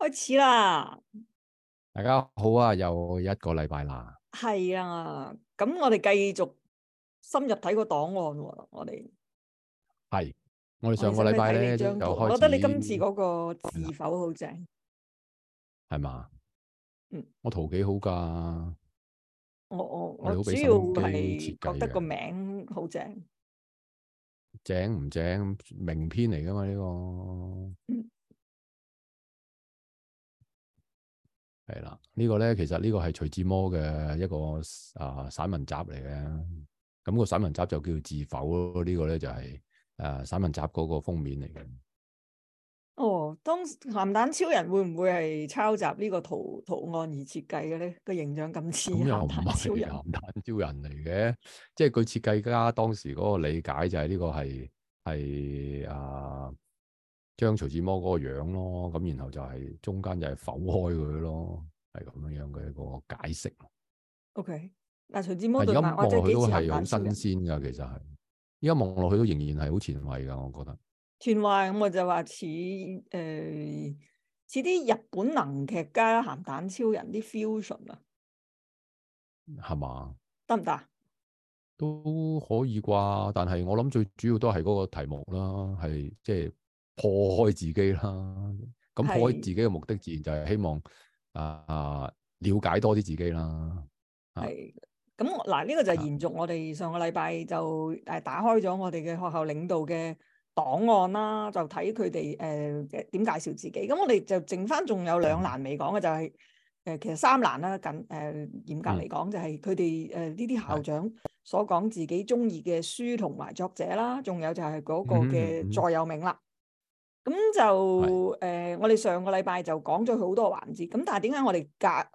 開始啦！大家好啊，又一個禮拜啦。係啊，咁我哋繼續深入睇個檔案喎、啊。我哋係我哋上個禮拜咧，又開始。我覺得你今次嗰個字是否是吧、嗯、好正？係嘛？我圖幾好噶。我我我主要係覺得個名好正。正唔正？名片嚟噶嘛呢、這個。嗯係啦，個呢個咧其實呢個係徐志摩嘅一個啊散文集嚟嘅，咁、嗯嗯這個散文集就叫自剖》這個。咯、就是。呢個咧就係誒散文集嗰個封面嚟嘅。哦，當鹹蛋超人會唔會係抄襲呢個圖圖案而設計嘅咧？個形象咁似鹹蛋超人，鹹蛋超人嚟嘅，即係佢設計家當時嗰個理解就係呢個係係啊。將徐志摩嗰個樣咯，咁然後就係中間就係剖開佢咯，係咁樣樣嘅一個解釋。OK，嗱，徐志摩對白，我即係幾前，依家望落去都係好新鮮噶，其實係依家望落去都仍然係好前衞噶，我覺得。前衞，咁我就話似誒似啲日本能劇加鹹蛋超人啲 fusion 啊，係嘛？得唔得？行行都可以啩，但係我諗最主要都係嗰個題目啦，係即係。就是破開自己啦，咁破開自己嘅目的自然就係希望是啊，了解多啲自己啦。係咁嗱，呢、這個就係延續我哋上個禮拜就誒打開咗我哋嘅學校領導嘅檔案啦，就睇佢哋誒點介紹自己。咁我哋就剩翻仲有兩欄未講嘅就係、是、誒、呃，其實三欄啦、啊，緊誒嚴格嚟講就係佢哋誒呢啲校長所講自己中意嘅書同埋作者啦，仲有就係嗰個嘅座右銘啦。咁就誒是、呃，我哋上個禮拜就講咗好多環節。咁但係點解我哋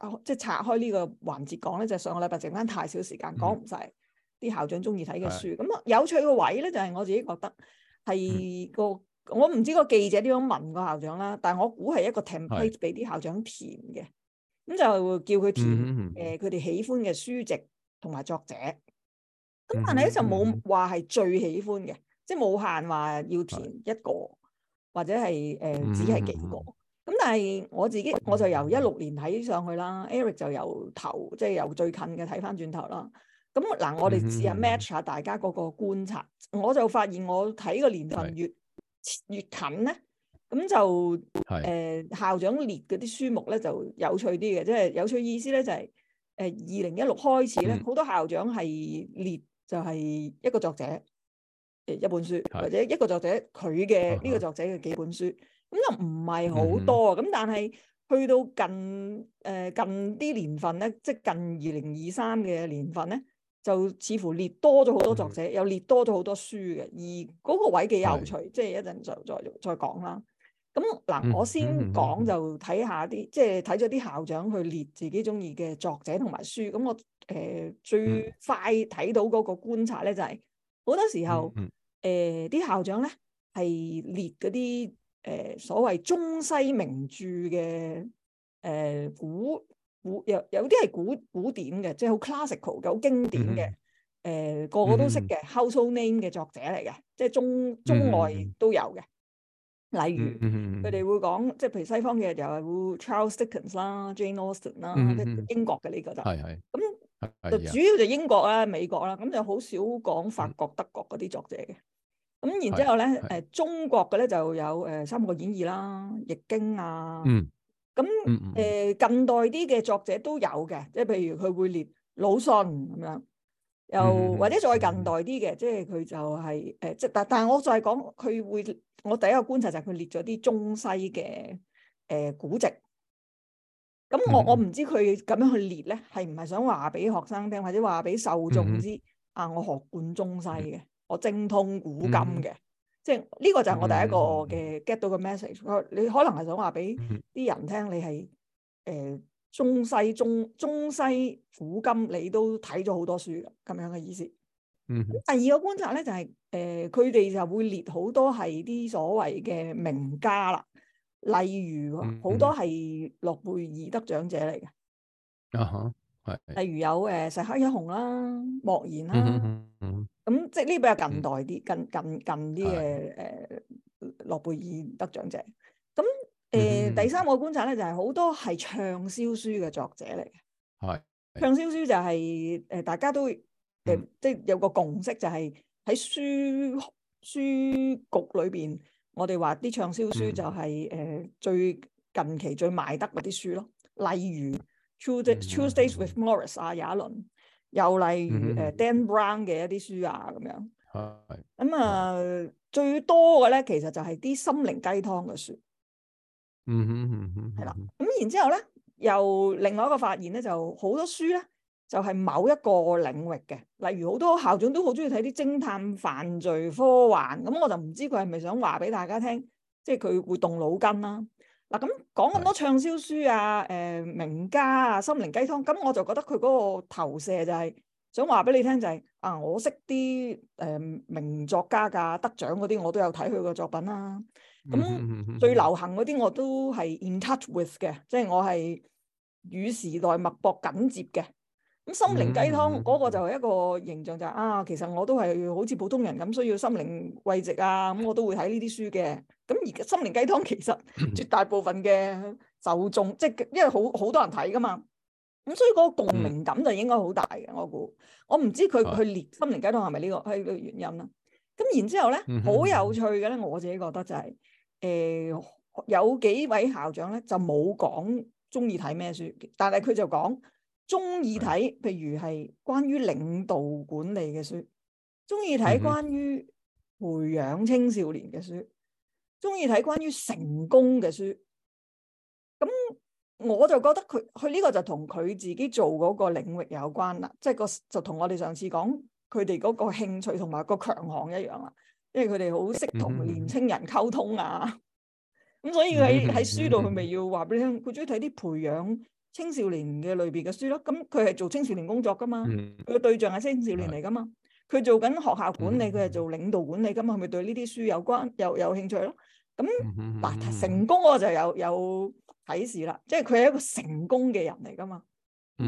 隔即係拆開呢個環節講咧？就係、是、上個禮拜陣間太少時間講、嗯，講唔晒啲校長中意睇嘅書。咁是有趣個位咧，就係、是、我自己覺得係個、嗯、我唔知個記者點樣問個校長啦。但係我估係一個 Template 俾啲校長填嘅，咁是就叫佢填誒佢哋喜歡嘅書籍同埋作者。咁但係咧就冇話係最喜歡嘅，嗯嗯嗯即係冇限話要填一個。或者係誒、呃、只係幾個咁，但係我自己我就由一六年睇上去啦 ，Eric 就由頭即係、就是、由最近嘅睇翻轉頭啦。咁嗱，我哋試下 match 下大家嗰個觀察，我就發現我睇個年份越是越近咧，咁就誒是、呃、校長列嗰啲書目咧就有趣啲嘅，即係有趣意思咧就係誒二零一六開始咧，好 多校長係列就係一個作者。誒一本書，或者一個作者佢嘅呢個作者嘅幾本書，咁就唔係好多啊。咁、嗯嗯、但係去到近誒、呃、近啲年份咧，即係近二零二三嘅年份咧，就似乎列多咗好多作者，嗯嗯又列多咗好多書嘅。而嗰個位幾有趣，即係、嗯嗯、一陣就再再講啦。咁嗱，我先講就睇下啲，嗯嗯嗯嗯嗯即係睇咗啲校長去列自己中意嘅作者同埋書。咁我誒、呃、最快睇到嗰個觀察咧、就係，就係。好多時候，誒、呃、啲校長咧係列嗰啲誒所謂中西名著嘅誒、呃、古古有有啲係古古典嘅，就是呃嗯嗯，即係好 classical 嘅，好經典嘅。誒個個都識嘅，household name 嘅作者嚟嘅，即係中中外都有嘅。例如，佢哋會講，即係譬如西方嘅就係會 Charles Dickens 啦、illas, Jane Austen 啦、嗯嗯，即、啊、英國嘅呢個就係係咁。就主要就英國啦、美國啦，咁就好少講法國、德國嗰啲作者嘅。咁然之後咧，誒中國嘅咧就有誒《三國演義》啦、《易經》啊。嗯。咁誒近代啲嘅作者都有嘅，即係譬如佢會列魯迅咁樣，又或者再近代啲嘅，即係佢就係誒即但但係我再講佢會，我第一個觀察就係佢列咗啲中西嘅誒古籍。咁、嗯嗯、我我唔知佢咁樣去列咧，係唔係想話俾學生聽，或者話俾受眾知、嗯、啊？我學貫中西嘅，我精通古今嘅，即係呢個就係我第一個嘅 get、嗯、到個 message。你可能係想話俾啲人聽，你係誒中西中中西古今，你都睇咗好多書嘅咁樣嘅意思。嗯，第二個觀察咧就係、是、誒，佢、呃、哋就會列好多係啲所謂嘅名家啦。例如好多係諾貝爾得獎者嚟嘅，啊哈、uh，係、huh。例如有誒石黑一雄啦、啊、莫言啦、啊，咁、uh huh. 即係呢個比較近代啲、uh huh.、近近近啲嘅誒諾貝爾得獎者。咁誒、uh huh. 呃、第三個觀察咧，就係、是、好多係暢銷書嘅作者嚟嘅。係暢銷書就係、是、誒、呃、大家都誒、呃 uh huh. 即係有個共識就，就係喺書書局裏邊。我哋話啲暢銷書就係、是、誒、呃、最近期最賣得嗰啲書咯，例如 Tuesday Tuesdays with Morris 啊，有一輪，又例如誒、嗯哼 uh, Dan Brown 嘅一啲書啊咁樣。係、嗯哼。咁、嗯、啊，最多嘅咧，其實就係啲心靈雞湯嘅書。嗯哼，嗯嗯。係啦，咁然之後咧，又另外一個發現咧，就好多書咧，就係某一個領域嘅，例如好多校長都好中意睇啲偵探、犯罪、科幻，咁我就唔知佢係咪想話俾大家聽，即係佢會動腦筋啦、啊。嗱，咁講咁多暢銷書啊，誒、呃，名家啊，心靈雞湯，咁我就覺得佢嗰個投射就係、是、想話俾你聽就係、是，啊，我識啲誒、呃、名作家噶，得獎嗰啲我都有睇佢嘅作品啦、啊。咁最流行嗰啲我都係 in touch with 嘅，即、就、係、是、我係與時代脈搏緊接嘅。咁《心靈雞湯》嗰個就係一個形象、就是，就係啊，其實我都係好似普通人咁需要心靈慰藉啊，咁我都會睇呢啲書嘅。咁而《心靈雞湯》其實絕大部分嘅受眾， 即係因為好好多人睇噶嘛，咁所以嗰個共鳴感就應該好大嘅。我估，我唔知佢佢連《 列心靈雞湯》係咪呢個係個原因啦。咁然之後咧，好有趣嘅咧，我自己覺得就係、是、誒、呃、有幾位校長咧就冇講鍾意睇咩書，但係佢就講。中意睇，譬如係關於領導管理嘅書，中意睇關於培養青少年嘅書，中意睇關於成功嘅書。咁我就覺得佢佢呢個就同佢自己做嗰個領域有關啦，即、就、係、是、個就同我哋上次講佢哋嗰個興趣同埋個強項一樣啦，因為佢哋好識同年青人溝通啊。咁、嗯、哼 所以佢喺喺、嗯、哼書度，佢咪要話俾你聽，佢中意睇啲培養。青少年嘅類別嘅書咯，咁佢係做青少年工作噶嘛，佢嘅、嗯、對象係青少年嚟噶嘛，佢的做緊學校管理，佢係、嗯、做領導管理噶嘛，係咪、嗯、對呢啲書有關又有，有興趣咯？咁、嗯嗯嗯、成功我就有有啟示啦，即係佢係一個成功嘅人嚟噶嘛，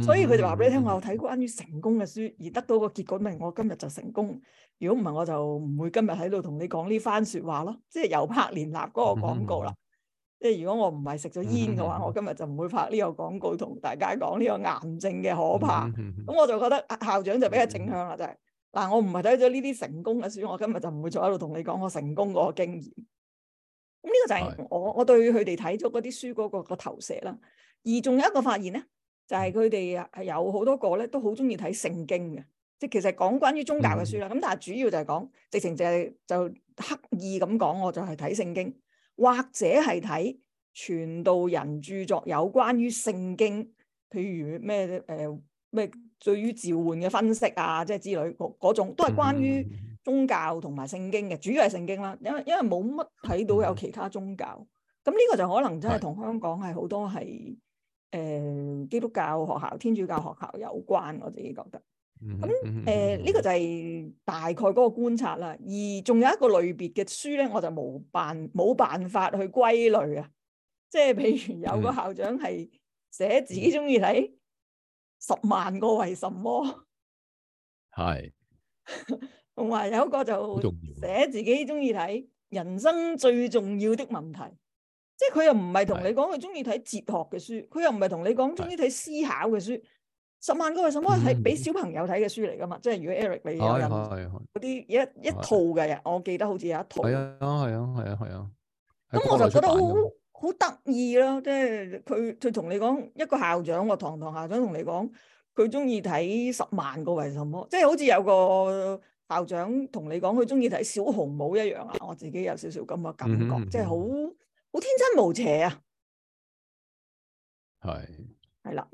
所以佢就話俾你聽，嗯嗯嗯、我睇關於成功嘅書，而得到個結果咪、嗯嗯、我今日就成功，如果唔係我就唔會今日喺度同你講呢番說話咯，即係由拍連立嗰個廣告啦。即係如果我唔係食咗煙嘅話，我今日就唔會拍呢個廣告同大家講呢個癌症嘅可怕。咁 我就覺得校長就比較正向啦，就係、是、嗱，我唔係睇咗呢啲成功嘅書，我今日就唔會再喺度同你講我成功嗰個經驗。咁呢個就係我是我對佢哋睇咗嗰啲書嗰、那個個投射啦。而仲有一個發現咧，就係佢哋啊有好多個咧都好中意睇聖經嘅，即係其實講關於宗教嘅書啦。咁、嗯、但係主要就係講，直情就係就刻意咁講，我就係睇聖經。或者係睇傳道人著作有關於聖經，譬如咩誒咩，呃、對於召喚嘅分析啊，即係之類嗰種，都係關於宗教同埋聖經嘅，主要係聖經啦。因為因為冇乜睇到有其他宗教，咁呢個、嗯、就可能真係同香港係好多係誒、呃、基督教學校、天主教學校有關，我自己覺得。咁誒，呢、呃這個就係大概嗰個觀察啦。而仲有一個類別嘅書咧，我就冇辦冇辦法去歸類啊。即係譬如有個校長係寫自己中意睇《嗯、十萬個為什麼》是，係同埋有一個就寫自己中意睇《人生最重要的問題》，即係佢又唔係同你講佢中意睇哲學嘅書，佢是又唔係同你講中意睇思考嘅書。十萬個為什麼係俾小朋友睇嘅書嚟噶嘛？即係如果 Eric 你有嗰啲一一,一套嘅，的我記得好似有一套。係啊係啊係啊係啊。咁我就覺得好好得意咯，即係佢佢同你講一個校長喎，堂堂校長同你講，佢中意睇十萬個為什麼，即係好似有個校長同你講佢中意睇小紅帽一樣啊！我自己有少少咁嘅感覺，嗯、哼即係好好天真無邪啊。係係啦。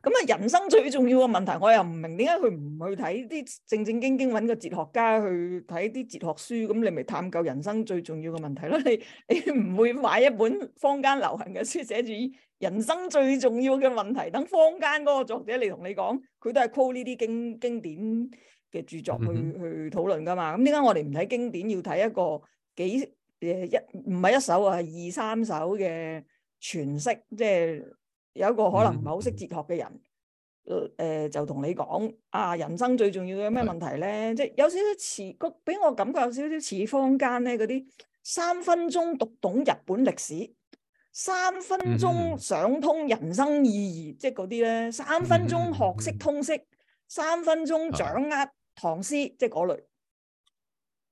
咁啊，人生最重要嘅問題，我又唔明點解佢唔去睇啲正正經經揾個哲學家去睇啲哲學書，咁你咪探究人生最重要嘅問題咯？你你唔會買一本坊間流行嘅書，寫住人生最重要嘅問題，等坊間嗰個作者嚟同你講，佢都係 call 呢啲經經典嘅著作去去討論噶嘛？咁點解我哋唔睇經典，要睇一個幾誒一唔係一首啊，係二三首嘅詮釋，即係。有一個可能唔係好識哲學嘅人，誒、呃、就同你講啊，人生最重要嘅咩問題咧？即係有少少似個，俾我感覺有少少似坊間咧嗰啲三分鐘讀懂日本歷史、三分鐘想通人生意義，即係嗰啲咧，三分鐘學識通識、三分鐘掌握唐詩，即係嗰類。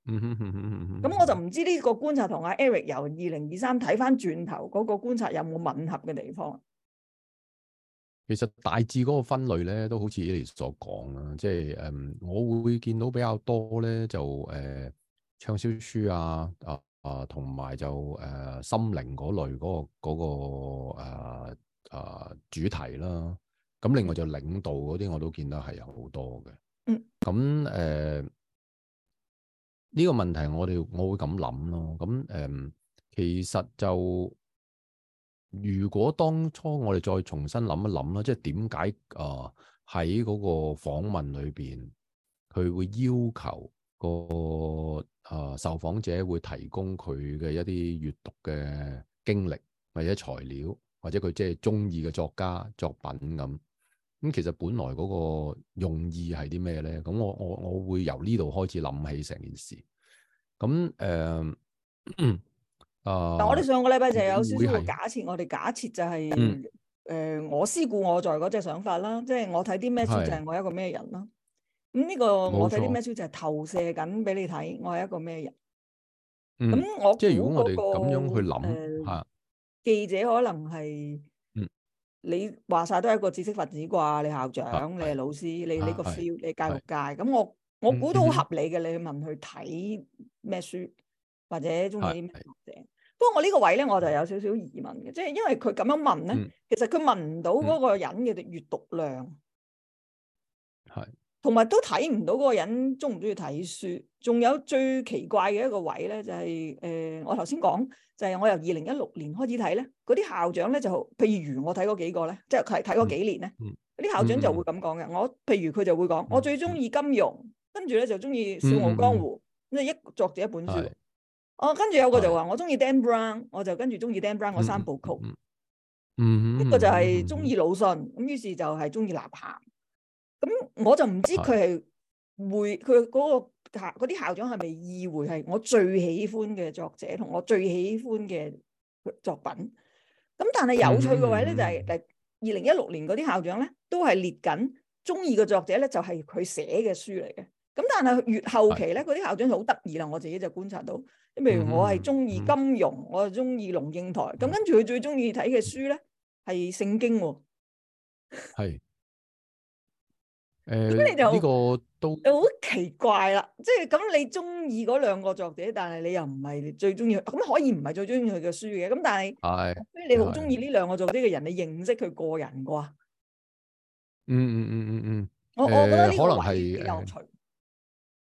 嗯，咁 我就唔知呢個觀察同阿 Eric 由二零二三睇翻轉頭嗰個觀察有冇吻合嘅地方。其實大致嗰個分類咧，都好似你所講啦，即係誒、嗯，我會見到比較多咧，就誒暢銷書啊，啊、呃呃那個那個呃、啊，同埋就誒心靈嗰類嗰個嗰個主題啦。咁另外就領導嗰啲，我都見到係有好多嘅。嗯。咁誒呢個問題我，我哋我會咁諗咯。咁誒、呃，其實就。如果當初我哋再重新諗一諗啦，即係點解啊喺嗰個訪問裏邊，佢會要求個啊受訪者會提供佢嘅一啲閱讀嘅經歷或者材料，或者佢即係中意嘅作家作品咁。咁其實本來嗰個用意係啲咩咧？咁我我我會由呢度開始諗起成件事。咁誒。呃 但我哋上個禮拜就有少少個假設，我哋假設就係誒我思故我在嗰隻想法啦，即係我睇啲咩書就係我一個咩人啦。咁呢個我睇啲咩書就係投射緊俾你睇，我係一個咩人。咁我即係如果我哋咁樣去諗，記者可能係你話晒都係一個知識分子啩？你校長，你係老師，你你個 feel，你教育界。咁我我估到好合理嘅。你去問佢睇咩書，或者中意。不過我呢個位咧，我就有少少疑問嘅，即係因為佢咁樣問咧，嗯、其實佢問唔到嗰個人嘅讀閱讀量，係、嗯，同、嗯、埋都睇唔到嗰個人中唔中意睇書。仲有最奇怪嘅一個位咧，就係、是、誒、呃，我頭先講就係、是、我由二零一六年開始睇咧，嗰啲校長咧就譬如我睇嗰幾個咧，即係睇睇嗰幾年咧，啲、嗯嗯、校長就會咁講嘅。嗯、我譬如佢就會講，嗯、我最中意金庸，跟住咧就中意笑傲江湖，咁一作者一本書。哦，跟住有個就話我中意 Dan Brown，我就跟住中意 Dan Brown 嗰三部曲。嗯，一、嗯嗯嗯嗯、個就係中意魯迅，咁於是就係中意立夏。咁、嗯、我就唔知佢係會佢嗰、那個校嗰啲校長係咪意會係我最喜歡嘅作者同我最喜歡嘅作品。咁、嗯嗯嗯嗯嗯、但係有趣嘅位咧就係誒，二零一六年嗰啲校長咧都係列緊中意嘅作者咧就係、是、佢寫嘅書嚟嘅。咁但係越後期咧，嗰啲是校長好得意啦，我自己就觀察到。咁譬如我係中意金融，嗯嗯、我中意龍應台，咁跟住佢最中意睇嘅書咧係聖經。係、哦。誒、咁、呃、你就呢個都好奇怪啦，即係咁你中意嗰兩個作者，但係你又唔係最中意，咁可以唔係最中意佢嘅書嘅，咁但係，係，你好中意呢兩個作者嘅人，的你認識佢個人啩？嗯嗯嗯嗯嗯。我、嗯嗯、我覺得呢個可能係有趣。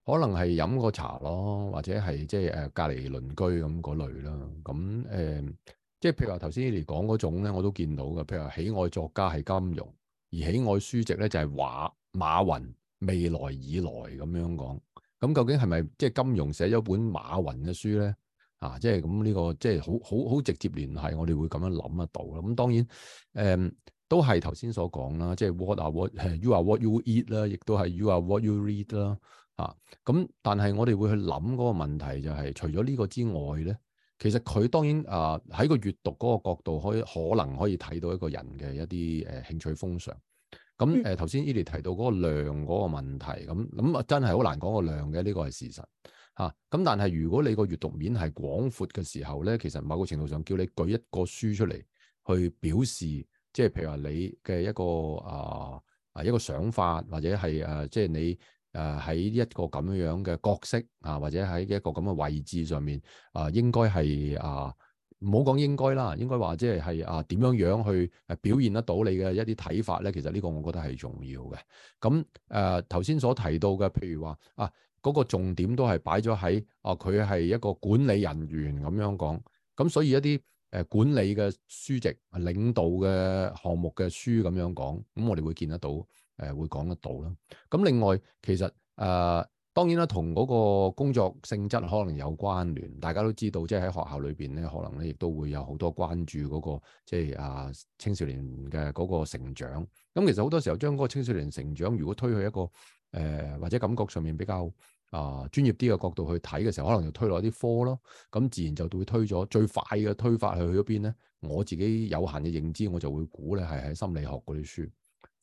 可能係飲個茶咯，或者係即係誒隔離鄰居咁嗰類啦。咁誒，即、呃、係、就是、譬如話頭先你哋講嗰種咧，我都見到嘅。譬如話喜愛作家係金庸，而喜愛書籍咧就係、是、馬馬雲未來以來咁樣講。咁究竟係咪即係金庸寫咗本馬雲嘅書咧？啊，即係咁呢個即係好好好直接聯繫，我哋會咁樣諗得到啦。咁當然誒、呃，都係頭先所講啦，即、就、係、是、what 啊 what，係 you are what you eat 啦，亦都係 you are what you read 啦。啊，咁但係我哋會去諗嗰個問題就係、是，除咗呢個之外咧，其實佢當然啊喺、呃、個閱讀嗰個角度可以，可可能可以睇到一個人嘅一啲誒、呃、興趣風尚。咁、嗯、誒，頭先 Eddy 提到嗰個量嗰個問題，咁咁啊真係好難講個量嘅，呢個係事實。吓、啊，咁但係如果你個閱讀面係廣闊嘅時候咧，其實某個程度上叫你舉一個書出嚟去表示，即係譬如話你嘅一個啊啊、呃、一個想法，或者係誒、呃、即係你。誒喺、呃、一個咁樣嘅角色啊、呃，或者喺一個咁嘅位置上面啊、呃，應該係啊，唔好講應該啦，應該話即係係啊點樣樣去誒表現得到你嘅一啲睇法咧？其實呢個我覺得係重要嘅。咁誒頭先所提到嘅，譬如話啊嗰、那個重點都係擺咗喺啊佢係一個管理人員咁樣講，咁、嗯、所以一啲誒、呃、管理嘅書籍、領導嘅項目嘅書咁樣講，咁、嗯、我哋會見得到。誒，會講得到啦。咁另外，其實誒、呃，當然啦，同嗰個工作性質可能有關聯。大家都知道，即係喺學校裏邊咧，可能咧亦都會有好多關注嗰、嗰個，即係啊青少年嘅嗰個成長。咁其實好多時候將嗰個青少年成長，如果推去一個誒、呃、或者感覺上面比較啊、呃、專業啲嘅角度去睇嘅時候，可能就推落一啲科咯。咁自然就都會推咗最快嘅推法去去咗邊咧。我自己有限嘅認知，我就會估咧係喺心理學嗰啲書。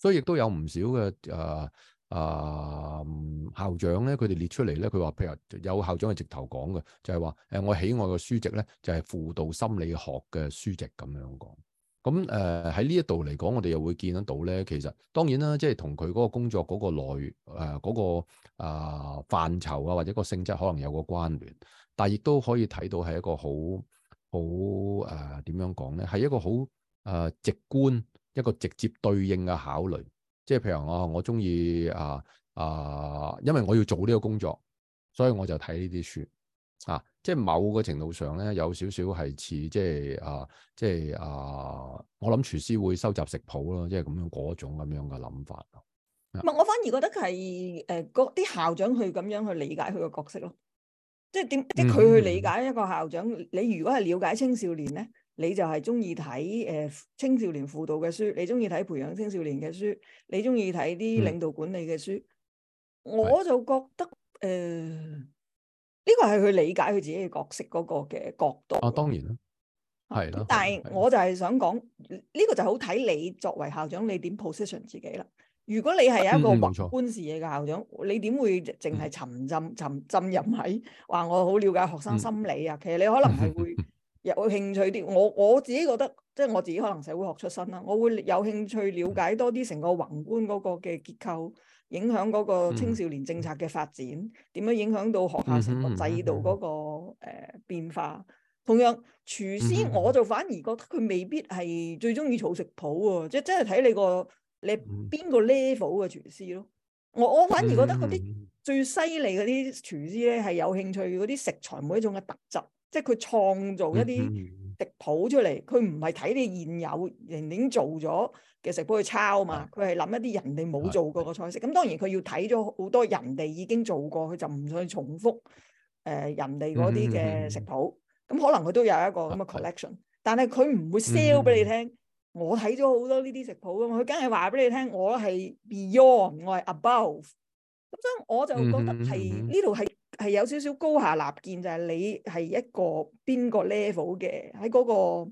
所以亦都有唔少嘅誒誒校長咧，佢哋列出嚟咧，佢話譬如有校長係直頭講嘅，就係話誒，我喜愛嘅書籍咧，就係、是、輔導心理學嘅書籍咁樣講。咁誒喺呢一度嚟講，我哋又會見得到咧，其實當然啦，即係同佢嗰個工作嗰個內誒嗰個誒範疇啊，呃、或者個性質可能有個關聯，但係亦都可以睇到係一個好好誒點樣講咧，係一個好誒、呃、直觀。一個直接對應嘅考慮，即係譬如我我中意啊啊，因為我要做呢個工作，所以我就睇呢啲書啊。即係某個程度上咧，有少少係似即係啊即係啊，我諗廚師會收集食譜咯，即係咁樣嗰種咁樣嘅諗法咯。唔係，我反而覺得佢係誒個啲校長去咁樣去理解佢個角色咯。即係點？即係佢去理解一個校長。嗯、你如果係了解青少年咧？你就係中意睇誒青少年輔導嘅書，你中意睇培養青少年嘅書，你中意睇啲領導管理嘅書。嗯、我就覺得誒，呢個係佢理解佢自己嘅角色嗰個嘅角度。啊，當然啦，係啦。但係我就係想講呢個就好睇你作為校長，你點 position 自己啦。如果你係有一個宏觀視野嘅校長，嗯、你點會淨係沉浸、嗯、沉浸浸喺話我好了解學生心理啊？嗯、其實你可能係會。 有興趣啲，我我自己覺得，即係我自己可能社會學出身啦，我會有興趣了解多啲成個宏觀嗰個嘅結構，影響嗰個青少年政策嘅發展，點樣影響到學校成個制度嗰、嗰個誒、呃、變化。同樣廚師，我就反而覺得佢未必係最中意儲食譜喎、啊，即係真係睇你個你邊個 level 嘅廚師咯。我我反而覺得嗰啲最犀利嗰啲廚師咧，係有興趣嗰啲食材每一種嘅特質。即係佢創造一啲食譜出嚟，佢唔係睇你現有仍然做咗嘅食譜去抄嘛，佢係諗一啲人哋冇做過嘅菜式。咁、嗯、哼當然佢要睇咗好多人哋已經做過，佢就唔想重複誒、呃、人哋嗰啲嘅食譜。咁、嗯、哼可能佢都有一個咁嘅 collection、嗯、哼但係佢唔會 sell 俾你聽。嗯、哼我睇咗好多呢啲食譜啊，佢梗係話俾你聽，我係 beyond，我係 above。咁所以我就覺得係呢度係。係有少少高下立見，就係、是、你係一個邊個 level 嘅喺嗰個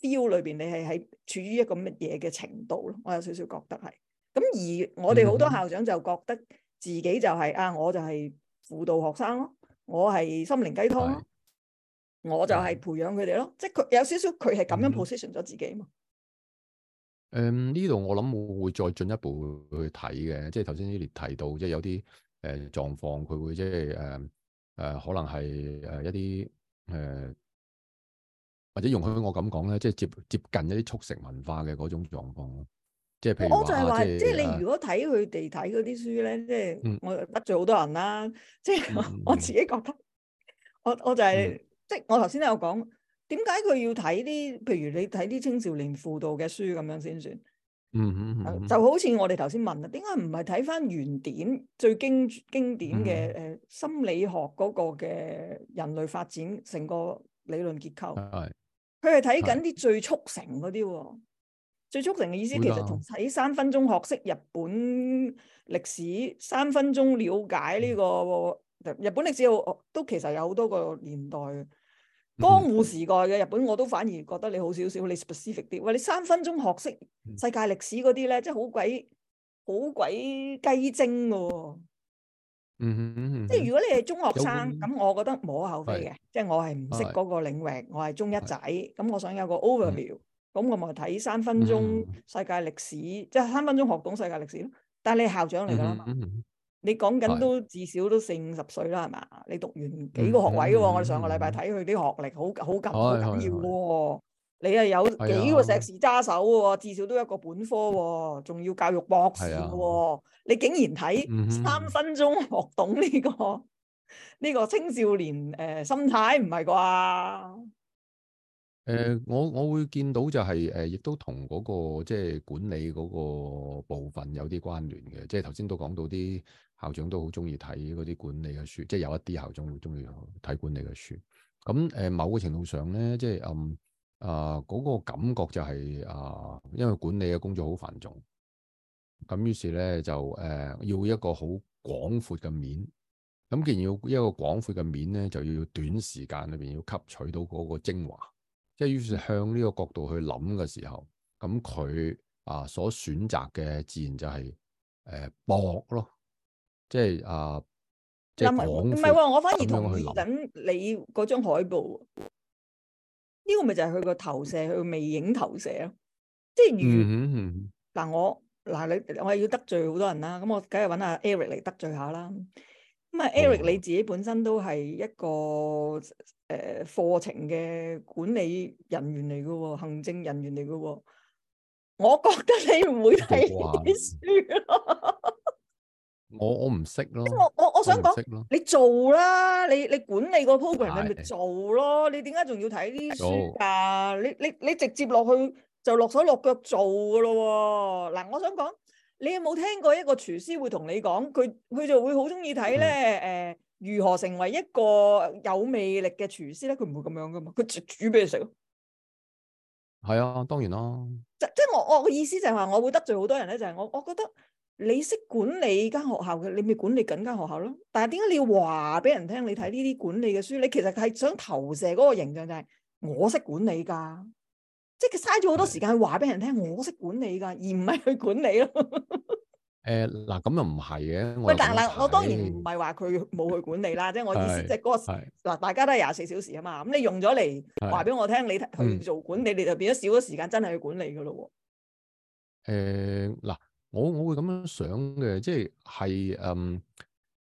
feel 裏邊，你係喺處於一個乜嘢嘅程度咯？我有少少覺得係咁，而我哋好多校長就覺得自己就係、是嗯、啊，我就係輔導學生咯，我係心靈雞湯，是我就係培養佢哋咯，即係佢有少少佢係咁樣 position 咗自己嘛。誒呢度我諗會再進一步去睇嘅，即係頭先你提到，即係有啲。誒、呃、狀況佢會即係誒誒可能係誒一啲誒或者容許我咁講咧，即係接接近一啲速食文化嘅嗰種狀況咯。即係譬如我就係話，就是、即係你如果睇佢哋睇嗰啲書咧，嗯、即係我得罪好多人啦、啊。嗯、即係我自己覺得，我我就係、是嗯、即係我頭先都有講，點解佢要睇啲譬如你睇啲青少年輔導嘅書咁樣先算。嗯嗯就好似我哋頭先問啦，點解唔係睇翻原典最經經典嘅誒、呃嗯、哼心理學嗰個嘅人類發展成個理論結構？係佢係睇緊啲最速成嗰啲，嗯、哼最速成嘅意思其實同睇三分鐘學識日本歷史，三分鐘了解呢、這個、嗯、哼日本歷史都其實有好多個年代。江戶時代嘅日本，我都反而覺得你好少少，你 specific 啲。喂，你三分鐘學識世界歷史嗰啲咧，即係好鬼好鬼雞精嘅喎、嗯。嗯嗯嗯。即係如果你係中學生，咁本我覺得無可厚非嘅。是即係我係唔識嗰個領域，是我係中一仔，咁是我想有個 overview、嗯。咁我咪睇三分鐘世界歷史，即係、嗯嗯、三分鐘學懂世界歷史咯。但係你校長嚟㗎啦嘛。嗯嗯嗯。你講緊都至少都四五十歲啦，係嘛？你讀完幾個學位喎？我哋上個禮拜睇佢啲學歷，好好緊要。你係有幾個碩士揸手喎？至少都一個本科喎，仲要教育博士喎。你竟然睇三分鐘學懂呢個呢個青少年誒心態，唔係啩？誒，我我會見到就係誒，亦都同嗰個即係管理嗰個部分有啲關聯嘅，即係頭先都講到啲。校長都好中意睇嗰啲管理嘅書，即係有一啲校長會中意睇管理嘅書。咁誒，某個程度上咧，即係嗯啊嗰個感覺就係啊，因為管理嘅工作好繁重，咁於是咧就誒要一個好廣闊嘅面。咁既然要一個廣闊嘅面咧，就要短時間裏邊要吸取到嗰個精華。即係於是向呢個角度去諗嘅時候，咁佢啊所選擇嘅自然就係誒薄咯。即係啊，即係唔係喎，我反而同意緊你嗰張海報，呢個咪就係佢個投射，佢微影投射咯。即係如嗱、嗯、我嗱你，我又要得罪好多人啦。咁我梗係揾阿 Eric 嚟得罪下啦。咁啊，Eric、嗯、哼你自己本身都係一個誒課程嘅管理人員嚟噶，行政人員嚟噶。我覺得你唔會睇呢啲書咯。 我我唔識咯，我我我想講，你做啦，你你管理個 program，你咪的做咯，你點解仲要睇啲書噶做？你你你直接落去就落手落腳做噶咯、啊。嗱，我想講，你有冇聽過一個廚師會同你講，佢佢就會好中意睇咧？誒的、呃，如何成為一個有魅力嘅廚師咧？佢唔會咁樣噶嘛，佢煮煮俾你食咯。係啊，當然咯。即即係我我嘅意思就係、是、話，我會得罪好多人咧，就係、是、我我覺得。你識管理間學校嘅，你咪管理緊間學校咯。但係點解你要話俾人聽？你睇呢啲管理嘅書，你其實係想投射嗰個形象就係、是、我識管理㗎，即係佢嘥咗好多時間話俾人聽是我識管理㗎，而唔係去管理咯。誒 嗱、呃，咁又唔係嘅。喂，但嗱、呃，我當然唔係話佢冇去管理啦，是即係我意思，即係嗰個嗱，大家都係廿四小時啊嘛。咁你用咗嚟話俾我聽，是你去做管理，嗯、你就變咗少咗時間，真係去管理㗎咯。誒嗱、嗯。我我會咁樣想嘅，即係係嗯，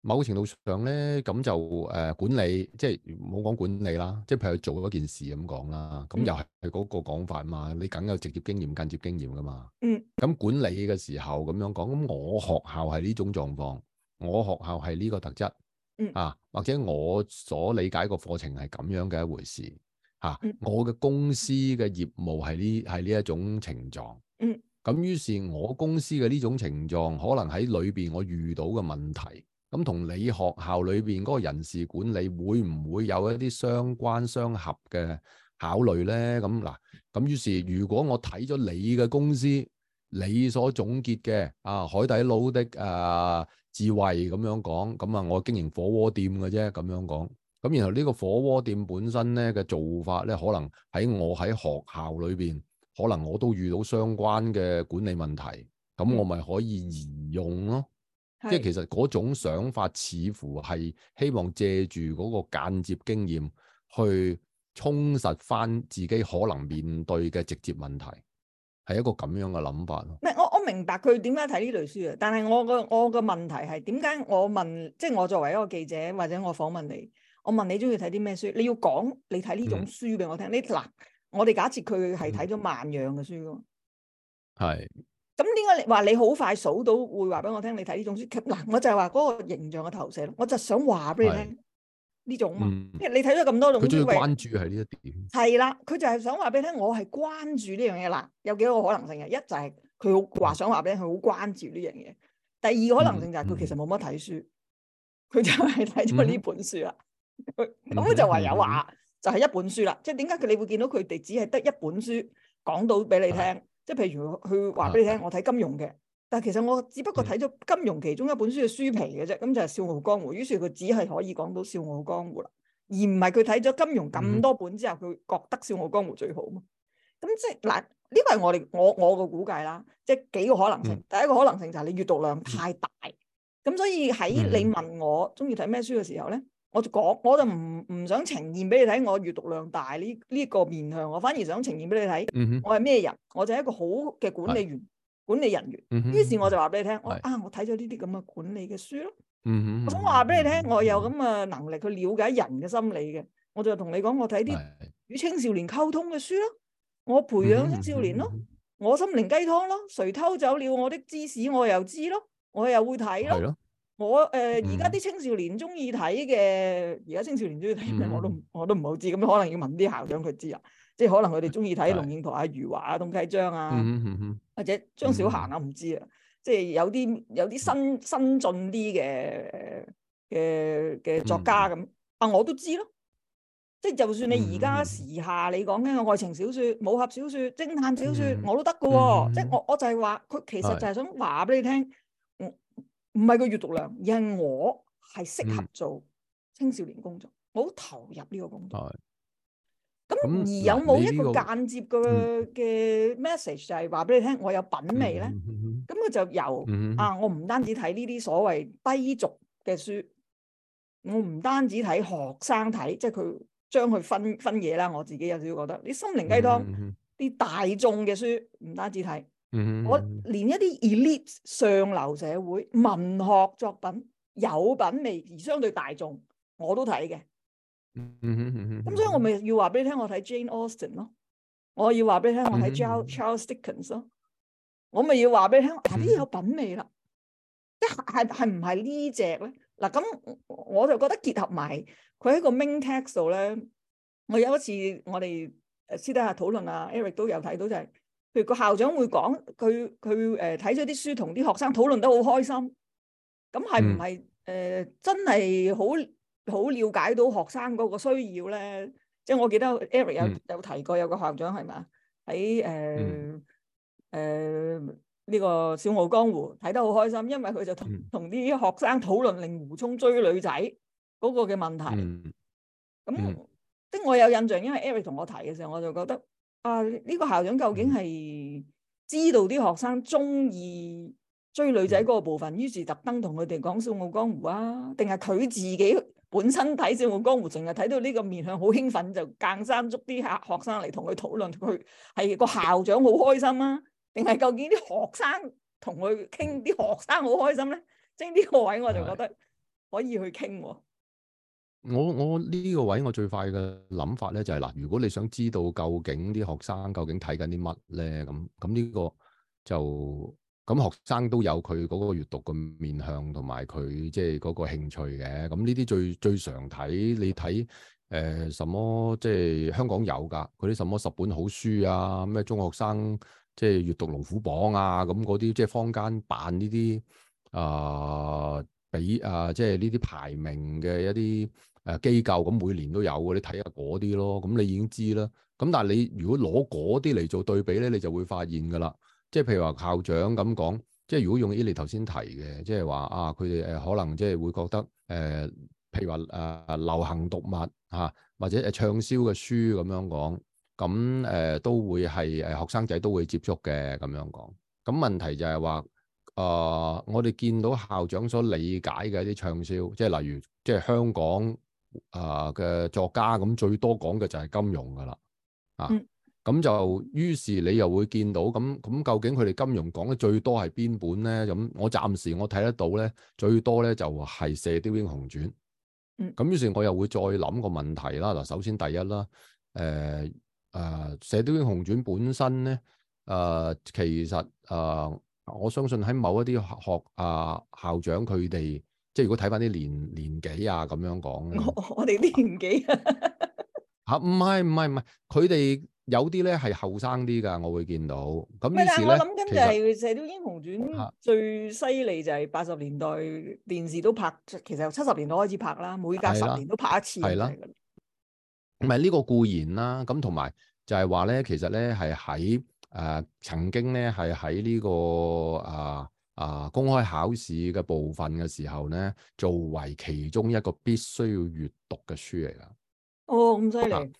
某程度上咧，咁就誒、呃、管理，即係唔好講管理啦，即係譬如做一件事咁講啦，咁又係嗰個講法嘛，你梗有直接經驗、間接經驗噶嘛。嗯。咁管理嘅時候咁樣講，咁我學校係呢種狀況，我學校係呢個特質。嗯。啊，或者我所理解個課程係咁樣嘅一回事。吓、啊。我嘅公司嘅業務係呢係呢一種情狀。嗯。咁於是，我公司嘅呢種情況，可能喺裏邊我遇到嘅問題，咁同你學校裏邊嗰個人事管理，會唔會有一啲相關相合嘅考慮呢？咁嗱，咁於是，如果我睇咗你嘅公司，你所總結嘅啊海底撈的啊智慧咁樣講，咁啊我經營火鍋店嘅啫咁樣講，咁然後呢個火鍋店本身呢嘅做法呢可能喺我喺學校裏邊。可能我都遇到相關嘅管理問題，咁我咪可以移用咯。是即係其實嗰種想法似乎係希望借住嗰個間接經驗去充實翻自己可能面對嘅直接問題，係一個咁樣嘅諗法咯。唔係，我我明白佢點解睇呢類書啊，但係我個我個問題係點解我問，即係我作為一個記者或者我訪問你，我問你中意睇啲咩書，你要講你睇呢種書俾我聽。嗯、你嗱。我哋假設佢係睇咗萬樣嘅書咯，係、嗯。咁點解你話你好快數到？會話俾我聽，你睇呢種書。嗱，我就係話嗰個形象嘅投射咯。我就想話俾你聽、啊，呢種、嗯。即係你睇咗咁多種，佢、嗯、關注係呢一點。係啦，佢就係想話俾你聽，我係關注呢樣嘢啦。有幾個可能性嘅？一就係佢好話想話俾你聽，佢好關注呢樣嘢。第二個可能性就係佢其實冇乜睇書，佢、嗯、就係睇咗呢本書啦。咁佢就話有話。就係一本書啦，即係點解佢你會見到佢哋只係得一本書講到俾你聽？即係譬如佢話俾你聽，啊、我睇金庸嘅，但係其實我只不過睇咗金庸其中一本書嘅書皮嘅啫，咁就係笑傲江湖。於是佢只係可以講到笑傲江湖啦，而唔係佢睇咗金庸咁多本之後，佢、嗯、覺得笑傲江湖最好嘛。咁即係嗱，呢個係我哋我我嘅估計啦，即係幾個可能性。嗯、第一個可能性就係你閱讀量太大，咁、嗯、所以喺你問我中意睇咩書嘅時候咧？我就講，我就唔唔想呈現俾你睇我閲讀量大呢呢個面向，我反而想呈現俾你睇，我係咩人？我就係一個好嘅管理員、是管理人員。是，於是我就話俾你聽，我啊，我睇咗呢啲咁嘅管理嘅書咯。是我想話俾你聽，我有咁嘅能力去了解人嘅心理嘅。我就同你講，我睇啲與青少年溝通嘅書咯，我培養青少年咯，是我心靈雞湯咯，誰偷走了我的芝士，我又知咯，我又會睇咯。我誒而家啲青少年中意睇嘅，而家青少年中意睇嘅，我都我都唔好知，咁可能要問啲校長佢知啊。即係可能佢哋中意睇龍應台啊、余華啊、董啟章啊，或者張小嫻啊，唔知啊，即係有啲有啲新新進啲嘅嘅嘅作家咁。嗯、啊，我都知咯，即係就算你而家時下你講緊嘅愛情小説、武俠小説、偵探小説，我都得㗎喎。嗯嗯、即係我我就係話佢其實就係想話俾你，對 你聽。唔係個閲讀量，而係我係適合做青少年工作，嗯、我好投入呢個工作。咁、嗯、而有冇一個間接嘅嘅 message、嗯、就係話俾你聽，我有品味咧。咁我、嗯嗯嗯、就由、嗯、啊，我唔單止睇呢啲所謂低俗嘅書，我唔單止睇學生睇，即係佢將佢分分嘢啦。我自己有少少覺得啲《心靈雞湯》啲、嗯嗯嗯嗯、大眾嘅書唔單止睇。我連一啲 e l i t e 上流社會文學作品，有品味而相對大眾我都睇嘅，咁 所以我咪要話俾你聽，我睇 Jane Austen 咯，我，ens, 我要話俾你聽，我睇 Charles Dickens 咯，我咪要話俾你聽，啲有品味啦，即係係唔係呢隻咧？嗱、啊、咁我就覺得結合埋佢喺個 main text 度咧，我有一次我哋私底下討論啊，Eric 都有睇到就係、是。譬如個校長會講佢佢誒睇咗啲書，同啲學生討論得好開心。咁係唔係誒真係好好瞭解到學生嗰個需要咧？即係我記得 Eric 有有提過，有個校長係咪喺誒誒呢個《笑傲江湖》睇得好開心，因為佢就同同啲學生討論令狐沖追女仔嗰個嘅問題。咁即我有印象，因為 Eric 同我提嘅時候，我就覺得。啊！呢個校長究竟係知道啲學生鍾意追女仔嗰個部分，於是特登同佢哋講《笑傲江湖》啊，定係佢自己本身睇《笑傲江湖》淨係睇到呢個面向好興奮，就間生捉啲客學生嚟同佢討論，佢係個校長好開心啊，定係究竟啲學生同佢傾，啲學生好開心咧？即係呢個位我就覺得可以去傾喎啊。我我呢個位我最快嘅諗法咧就係、是、嗱，如果你想知道究竟啲學生究竟睇緊啲乜咧，咁咁呢個就咁學生都有佢嗰個閱讀嘅面向同埋佢即係嗰個興趣嘅。咁呢啲最最常睇，你睇誒、呃、什麼即係、就是、香港有㗎，嗰啲什麼十本好書啊，咩中學生即係、就是、閱讀龍虎榜啊，咁嗰啲即係坊間辦呢啲啊比啊即係呢啲排名嘅一啲。誒、啊、機構咁、嗯、每年都有嘅，你睇下嗰啲咯，咁、嗯、你已經知啦。咁、嗯、但係你如果攞嗰啲嚟做對比咧，你就會發現㗎啦。即係譬如話校長咁講，即係如果用伊利頭先提嘅，即係話啊，佢哋誒可能即係會覺得誒、呃，譬如話誒、呃、流行讀物嚇、啊，或者誒暢銷嘅書咁樣講，咁誒、呃、都會係誒學生仔都會接觸嘅咁樣講。咁問題就係話啊，我哋見到校長所理解嘅一啲暢銷，即係例如即係、就是、香港。啊嘅作家咁，最多講嘅就係金融噶啦，啊咁就於是你又會見到咁，咁究竟佢哋金融講得最多係邊本咧？咁我暫時我睇得到咧，最多咧就係《射雕英雄傳》嗯。咁於是我又會再諗個問題啦。嗱，首先第一啦，誒誒，《射雕英雄傳》本身咧，誒、呃、其實誒、呃，我相信喺某一啲學，學啊校長佢哋。即係如果睇翻啲年年紀啊咁樣講，我哋啲年紀啊嚇唔係唔係唔係，佢哋、啊 啊、有啲咧係後生啲㗎，我會見到咁。唔係，但係我諗緊就係、是《射雕英雄傳》最犀利就係八十年代電視都拍，其實由七十年代開始拍啦，每隔十年都拍一次嚟嘅。唔係呢個固然啦、啊，咁同埋就係話咧，其實咧係喺誒曾經咧係喺呢、這個啊。啊！公開考試嘅部分嘅時候咧，作為其中一個必須要閱讀嘅書嚟啦。哦，咁犀利。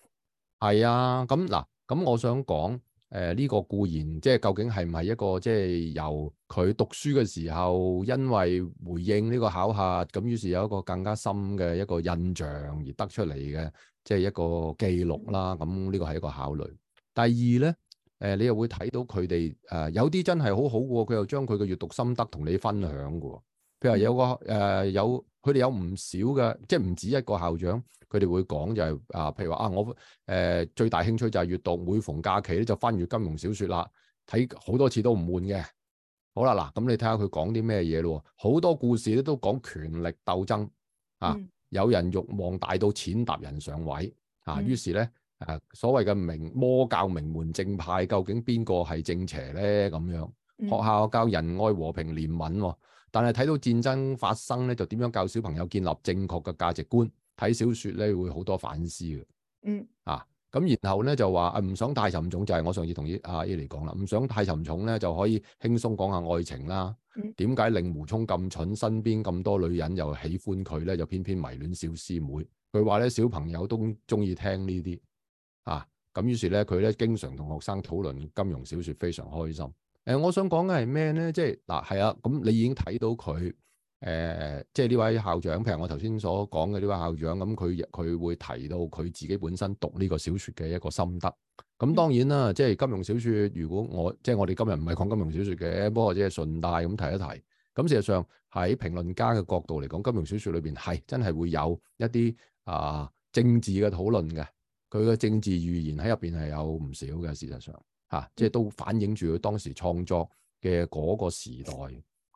係啊，咁嗱，咁我想講，誒、呃、呢、這個固然即係、就是、究竟係唔係一個即係、就是、由佢讀書嘅時候，因為回應呢個考核，咁於是有一個更加深嘅一個印象而得出嚟嘅，即、就、係、是、一個記錄啦。咁呢、嗯、個係一個考慮。第二咧。誒，你又會睇到佢哋誒，有啲真係好好、啊、嘅，佢又將佢嘅閱讀心得同你分享嘅、啊。譬如有個誒、呃，有佢哋有唔少嘅，即係唔止一個校長，佢哋會講就係、是、啊，譬如話啊，我誒、呃、最大興趣就係閱讀，每逢假期咧就翻閱金庸小說啦，睇好多次都唔悶嘅。好啦，嗱，咁你睇下佢講啲咩嘢咯，好多故事咧都講權力鬥爭啊，嗯、有人慾望大到踐踏人上位啊，於是咧。嗯啊，所謂嘅名魔教名門正派，究竟邊個係正邪呢？咁樣學校教仁愛和平、憐憫，但係睇到戰爭發生呢就點樣教小朋友建立正確嘅價值觀？睇小說呢會好多反思嘅。嗯啊，咁然後呢，就話啊，唔想太沉重，就係、是、我上次同阿伊嚟講啦。唔想太沉重呢，就可以輕鬆講下愛情啦。點解令狐沖咁蠢，身邊咁多女人又喜歡佢呢？就偏偏迷戀小師妹。佢話呢，小朋友都中意聽呢啲。咁於是咧，佢咧經常同學生討論金庸小説，非常開心。誒、呃，我想講嘅係咩咧？即係嗱，係啊，咁你已經睇到佢誒、呃，即係呢位校長，譬如我頭先所講嘅呢位校長，咁佢佢會提到佢自己本身讀呢個小説嘅一個心得。咁當然啦，即係金庸小説，如果我即係我哋今日唔係講金庸小説嘅，不過即係順帶咁提一提。咁事實上喺評論家嘅角度嚟講，金庸小説裏邊係真係會有一啲啊政治嘅討論嘅。佢嘅政治預言喺入邊係有唔少嘅，事實上嚇、啊，即係都反映住佢當時創作嘅嗰個時代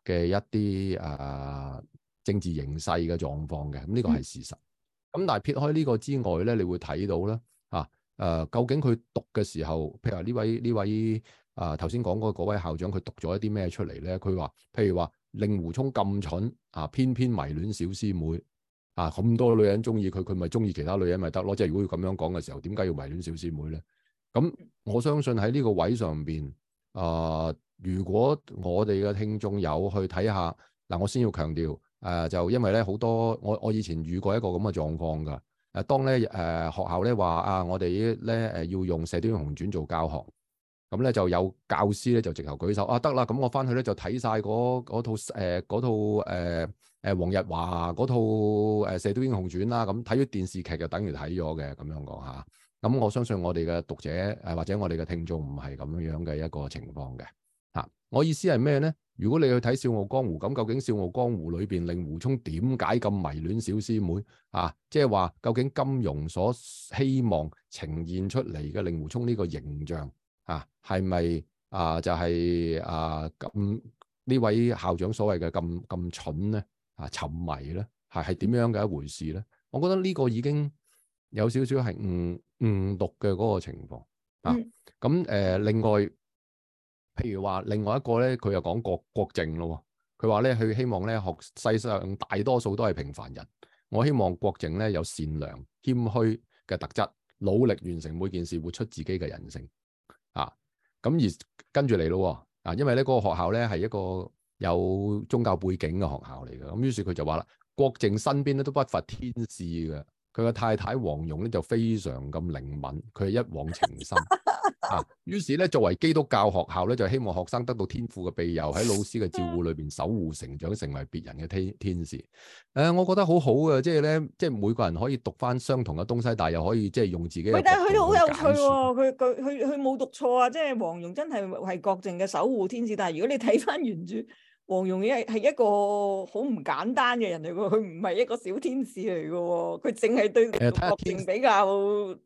嘅一啲誒、呃、政治形勢嘅狀況嘅，咁、嗯、呢、嗯、個係事實。咁但係撇開呢個之外咧，你會睇到咧嚇誒，究竟佢讀嘅時候，譬如話呢位呢位誒頭先講嗰嗰位校長，佢讀咗一啲咩出嚟咧？佢話，譬如話令狐沖咁蠢啊，偏偏迷戀小師妹。啊，咁多女人中意佢，佢咪中意其他女人咪得咯？即係如果要咁樣講嘅時候，點解要迷戀小師妹咧？咁我相信喺呢個位上邊啊、呃，如果我哋嘅聽眾有去睇下嗱，我先要強調誒，就因為咧好多我我以前遇過一個咁嘅狀況噶，誒、呃、當咧誒、呃、學校咧話啊，我哋咧誒要用《射鵰英雄傳》做教學，咁、嗯、咧就有教師咧就直頭舉手啊得啦，咁我翻去咧就睇晒嗰套誒、呃、嗰套誒。呃呃誒，黃日華嗰套誒《射鵰英雄傳》啦，咁睇咗電視劇就等於睇咗嘅，咁樣講吓。咁、啊、我相信我哋嘅讀者誒、啊，或者我哋嘅聽眾唔係咁樣嘅一個情況嘅吓。我意思係咩咧？如果你去睇《笑傲江湖》，咁究竟《笑傲江湖》裏邊令狐沖點解咁迷戀小師妹啊？即係話究竟金庸所希望呈現出嚟嘅令狐冲呢個形象啊，係咪啊就係、是、啊咁呢位校長所謂嘅咁咁蠢咧？啊！沉迷咧，係係點樣嘅一回事咧？我覺得呢個已經有少少係誤誤讀嘅嗰個情況啊。咁誒、呃，另外譬如話，另外一個咧，佢又講郭郭靖咯。佢話咧，佢希望咧學世上大多數都係平凡人。我希望郭靖咧有善良謙虛嘅特質，努力完成每件事，活出自己嘅人性啊。咁而跟住嚟咯啊，因為咧嗰、那個學校咧係一個。有宗教背景嘅學校嚟嘅，咁於是佢就話啦，郭靖身邊咧都不乏天使嘅，佢個太太黃蓉咧就非常咁靈敏，佢係一往情深 啊。於是咧，作為基督教學校咧，就希望學生得到天父嘅庇佑，喺老師嘅照顧裏邊守護成長， 成為別人嘅天天使。誒，我覺得好好嘅，即係咧，即係每個人可以讀翻相同嘅東西，但係又可以即係用自己。但係佢都好有趣喎，佢佢佢佢冇讀錯啊！即係黃蓉真係係郭靖嘅守護天使，但係如果你睇翻原著。黃蓉已係一個好唔簡單嘅人嚟嘅，佢唔係一個小天使嚟嘅，佢淨係對郭靖比較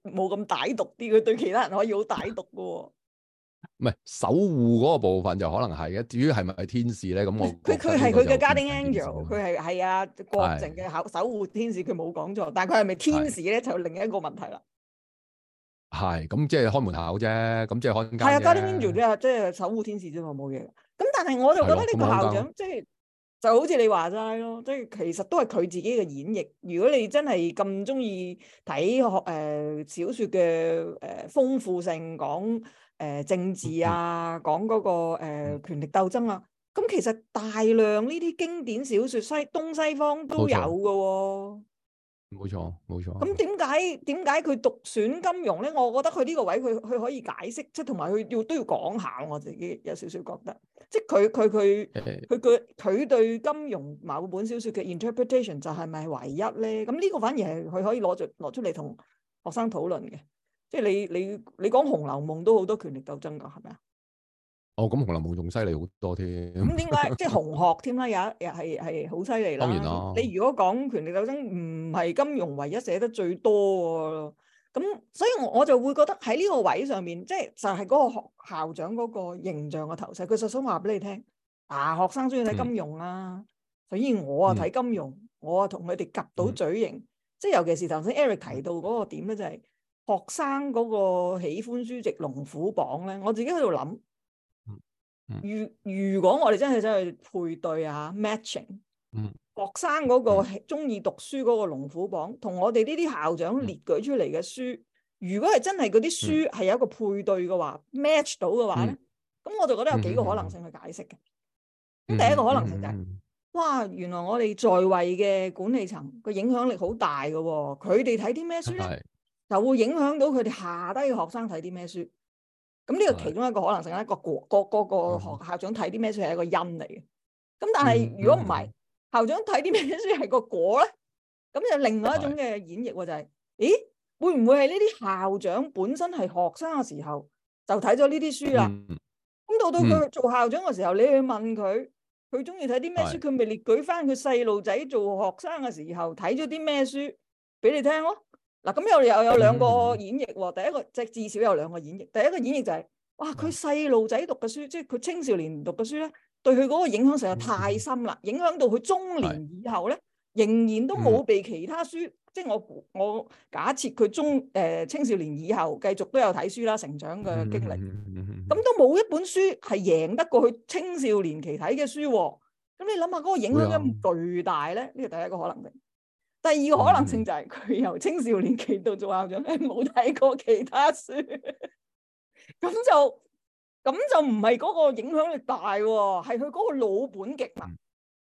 冇咁歹毒啲，佢對其他人可以好歹毒嘅。唔係守護嗰個部分就可能係嘅，至於係咪天使咧，咁我佢佢係佢嘅 guarding angel，佢係係啊郭靖嘅守守護天使，佢冇講錯，但係佢係咪天使咧，是就另一個問題啦。係咁即係開門口啫，咁即係開。係啊，guarding angel 即係即係守護天使啫嘛，冇嘢。但係我就覺得呢個校長、就係、即係就好似你話齋咯，即係其實都係佢自己嘅演繹。如果你真係咁鍾意睇學誒小説嘅誒豐富性，講誒、呃、政治啊，講嗰、嗰個誒、呃、權力鬥爭啊，咁其實大量呢啲經典小説西東西方都有嘅喎、哦。冇錯，冇錯。咁點解點解佢讀選金融咧？我覺得佢呢個位佢佢可以解釋，即係同埋佢要都要講下。我自己有少少覺得，即係佢佢佢佢佢對金融某本小說嘅 interpretation 就係咪唯一咧？咁呢個反而係佢可以攞著攞出嚟同學生討論嘅。即係你你你講《紅樓夢》都好多權力鬥爭噶，係咪啊？哦，咁《紅樓夢》仲犀利好多添。咁點解即係紅學添咧？又又係係好犀利啦。當然啦。你如果講權力鬥爭，唔係金融唯一寫得最多咯。咁所以我我就會覺得喺呢個位上面，即係就係嗰個校長嗰個形象嘅投射。佢就想話俾你聽，啊，學生中意睇金融啊。所以，我啊睇金融，我啊同佢哋夾到嘴型。即係尤其是頭先 Eric 提到嗰個點咧，就係學生嗰個喜歡書籍龍虎榜咧。我自己喺度諗。如如果我哋真係想去配對啊，matching、嗯、學生嗰個中意讀書嗰個龍虎榜，同我哋呢啲校長列舉出嚟嘅書，嗯、如果係真係嗰啲書係有一個配對嘅話、嗯、match 到嘅話咧，咁、嗯、我就覺得有幾個可能性去解釋嘅。咁、嗯、第一個可能性就係，嗯嗯、哇，原來我哋在位嘅管理層個影響力好大嘅，哦，佢哋睇啲咩書咧，就會影響到佢哋下低嘅學生睇啲咩書。咁呢個其中一個可能性，一個果，個嗰個校長睇啲咩書係一個因嚟嘅。咁但係如果唔係，校長睇啲咩書係個果咧？咁就有另外一種嘅演繹喎、啊，就係、是，咦，會唔會係呢啲校長本身係學生嘅時候就睇咗呢啲書啊？咁、嗯嗯嗯、到到佢做校長嘅時候，你去問佢，佢中意睇啲咩書，佢咪是列舉翻佢細路仔做學生嘅時候睇咗啲咩書俾你聽咯？嗱，咁又又有兩個演繹喎。第一個即係至少有兩個演繹。第一個演繹就係、是，哇，佢細路仔讀嘅書，即係佢青少年，年讀嘅書咧，對佢嗰個影響實在太深啦，影響到佢中年以後咧，仍然都冇被其他書，嗯、即係我我假設佢中誒、呃、青少年以後繼續都有睇書啦，成長嘅經歷，咁、嗯、都冇一本書係贏得過佢青少年期睇嘅書喎。咁你諗下嗰個影響咁巨大咧，呢個、嗯、第一個可能性。第二個可能性就係佢由青少年期到做校長，冇睇過其他書，咁 就咁就唔係嗰個影響力大喎、哦，係佢嗰個老本極啦，嗯、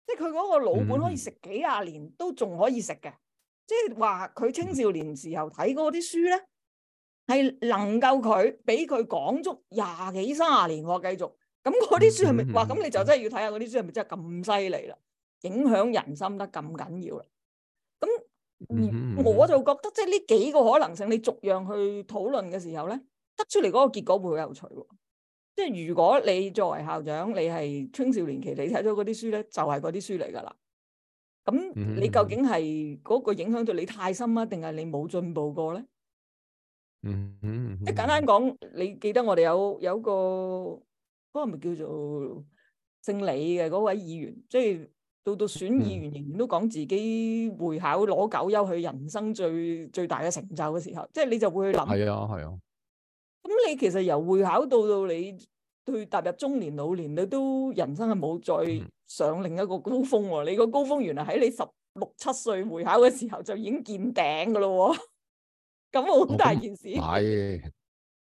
即係佢嗰個老本可以食幾廿年都仲可以食嘅，即係話佢青少年時候睇嗰啲書咧，係能夠佢俾佢講足廿幾卅年我繼續。咁嗰啲書係咪話咁？嗯嗯嗯、你就真係要睇下嗰啲書係咪真係咁犀利啦？影響人心得咁緊要啦。嗯、我就覺得即係呢幾個可能性，你逐樣去討論嘅時候咧，得出嚟嗰個結果會好有趣。即係如果你作為校長，你係青少年期，你睇咗嗰啲書咧，就係嗰啲書嚟噶啦。咁你究竟係嗰個影響到你太深啊，定係你冇進步過咧、嗯？嗯，即、嗯、係簡單講，你記得我哋有有個嗰個咪叫做姓李嘅嗰位議員，即係。到到選議員仍然都講自己會考攞九優，係人生最最大嘅成就嘅時候，即係你就會去諗。係啊，係啊。咁你其實由會考到到你去踏入中年老年，你都人生係冇再上另一個高峰喎。你個高峰原來喺你十六七歲會考嘅時候就已經見頂㗎咯喎。咁好大件事。係，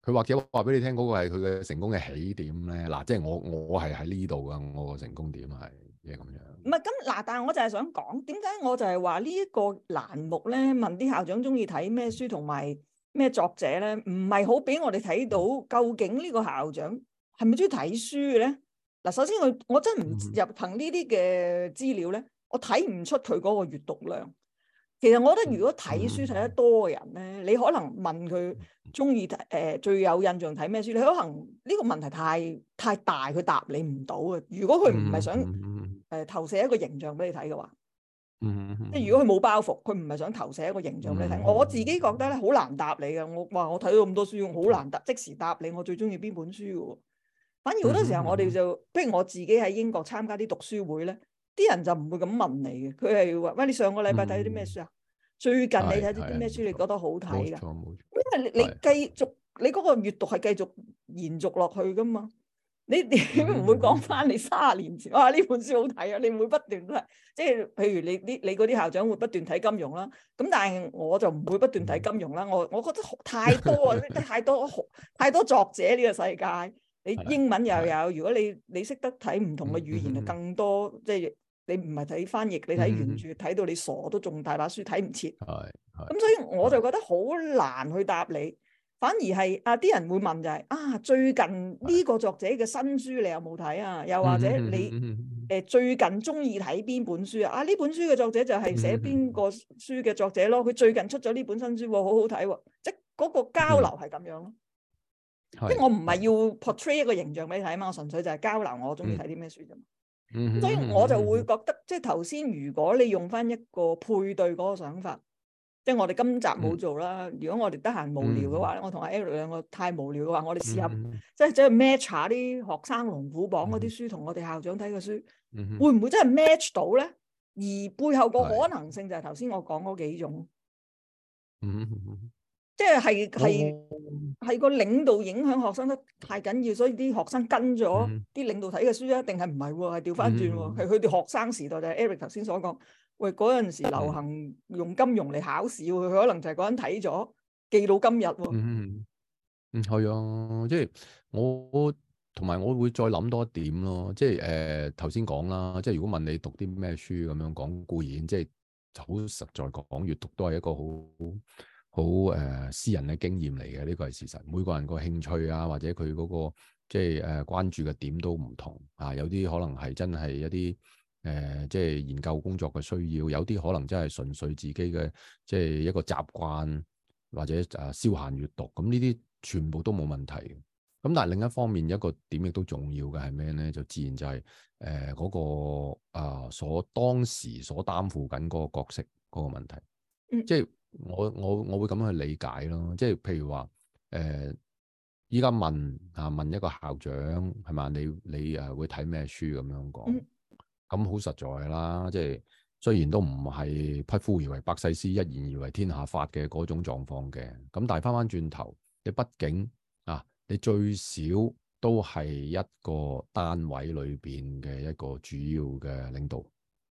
佢或者話俾你聽嗰個係佢嘅成功嘅起點咧。嗱，即係我我係喺呢度㗎，我個成功點係。嘢咁樣，唔係咁。嗱，但係我就係想講，點解我就係話呢一個欄目咧，問啲校長中意睇咩書同埋咩作者咧，唔係好俾我哋睇到究竟呢個校長係咪中意睇書嘅咧？嗱，首先我我真唔入憑呢啲嘅資料咧，我睇唔出佢嗰個閱讀量。其實我覺得如果睇書睇得多嘅人咧，你可能問佢中意睇誒最有印象睇咩書，你可能呢個問題太太大，佢答你唔到啊。如果佢唔係想。誒投射一個形象俾你睇嘅話，嗯、即係如果佢冇包袱，佢唔係想投射一個形象俾你睇。嗯、我自己覺得咧，好難答你嘅。我哇，我睇到咁多書，好難答即時答你。我最中意邊本書嘅喎。反而好多時候我，我哋就譬如我自己喺英國參加啲讀書會咧，啲人就唔會咁問你嘅。佢係話，喂，你上個禮拜睇咗啲咩書啊？嗯、最近你睇咗啲咩書？你覺得好睇㗎。因為你繼續，錯你嗰個閲讀係繼續延續落去㗎嘛。你點唔會講翻你卅年前？哇，呢本書好睇啊！你唔會不斷都係，即係譬如你啲你嗰啲校長會不斷睇金融啦，咁但係我就唔會不斷睇金融啦。我我覺得太多啊， 太多太多作者呢個世界。你英文又有，如果你你識得睇唔同嘅語言啊， 更多即係你唔係睇翻譯，你睇原著睇到你傻都仲大把書睇唔切。係咁 所以我就覺得好難去答你。反而係啊，啲人會問就係、是、啊，最近呢個作者嘅新書你有冇睇啊？又或者你誒 最近中意睇邊本書啊？啊，呢本書嘅作者就係寫邊個書嘅作者咯？佢最近出咗呢本新書，哦、好好睇喎！即係嗰、那個交流係咁樣咯，即係 我唔係要 portray 一個形象俾你睇啊嘛，我純粹就係交流我，我中意睇啲咩書啫嘛。所以我就會覺得，即係頭先，如果你用翻一個配對嗰個想法。即係我哋今集冇做啦。如果我哋得閒無聊嘅話咧，我同阿 Eric 兩個太無聊嘅話，我哋試下即係即係 match 下啲學生龍虎榜嗰啲書同我哋校長睇嘅書，會唔會真係 match 到咧？而背後個可能性就係頭先我講嗰幾種，即係係係個領導影響學生得太緊要，所以啲學生跟咗啲領導睇嘅書啊？定係唔係？係調翻轉？係佢哋學生時代就係 Eric 頭先所講。喂，嗰陣時流行用金融嚟考試，佢可能就係嗰陣睇咗記到今日喎。嗯嗯，嗯，係啊，即係我同埋我會再諗多一點咯。即係誒頭先講啦，即係如果問你讀啲咩書咁樣講固然，即係就好實在講，閱讀都係一個好好誒私人嘅經驗嚟嘅。呢個係事實。每個人個興趣啊，或者佢嗰個即係誒關注嘅點都唔同啊。有啲可能係真係一啲。誒、呃，即係研究工作嘅需要，有啲可能真係純粹自己嘅，即係一個習慣或者誒、啊、消閒閱讀。咁呢啲全部都冇問題。咁但係另一方面，一個點亦都重要嘅係咩咧？就自然就係誒嗰個啊，所當時所擔負緊嗰個角色嗰、嗰個問題。即係我我我會咁樣去理解咯。即係譬如話誒，依、呃、家問啊問一個校長係嘛？你你誒、啊、會睇咩書咁樣講？嗯咁好實在啦，即係雖然都唔係匹夫而為百世師，一言而為天下法嘅嗰種狀況嘅，咁但係翻翻轉頭，你畢竟啊，你最少都係一個單位裏邊嘅一個主要嘅領導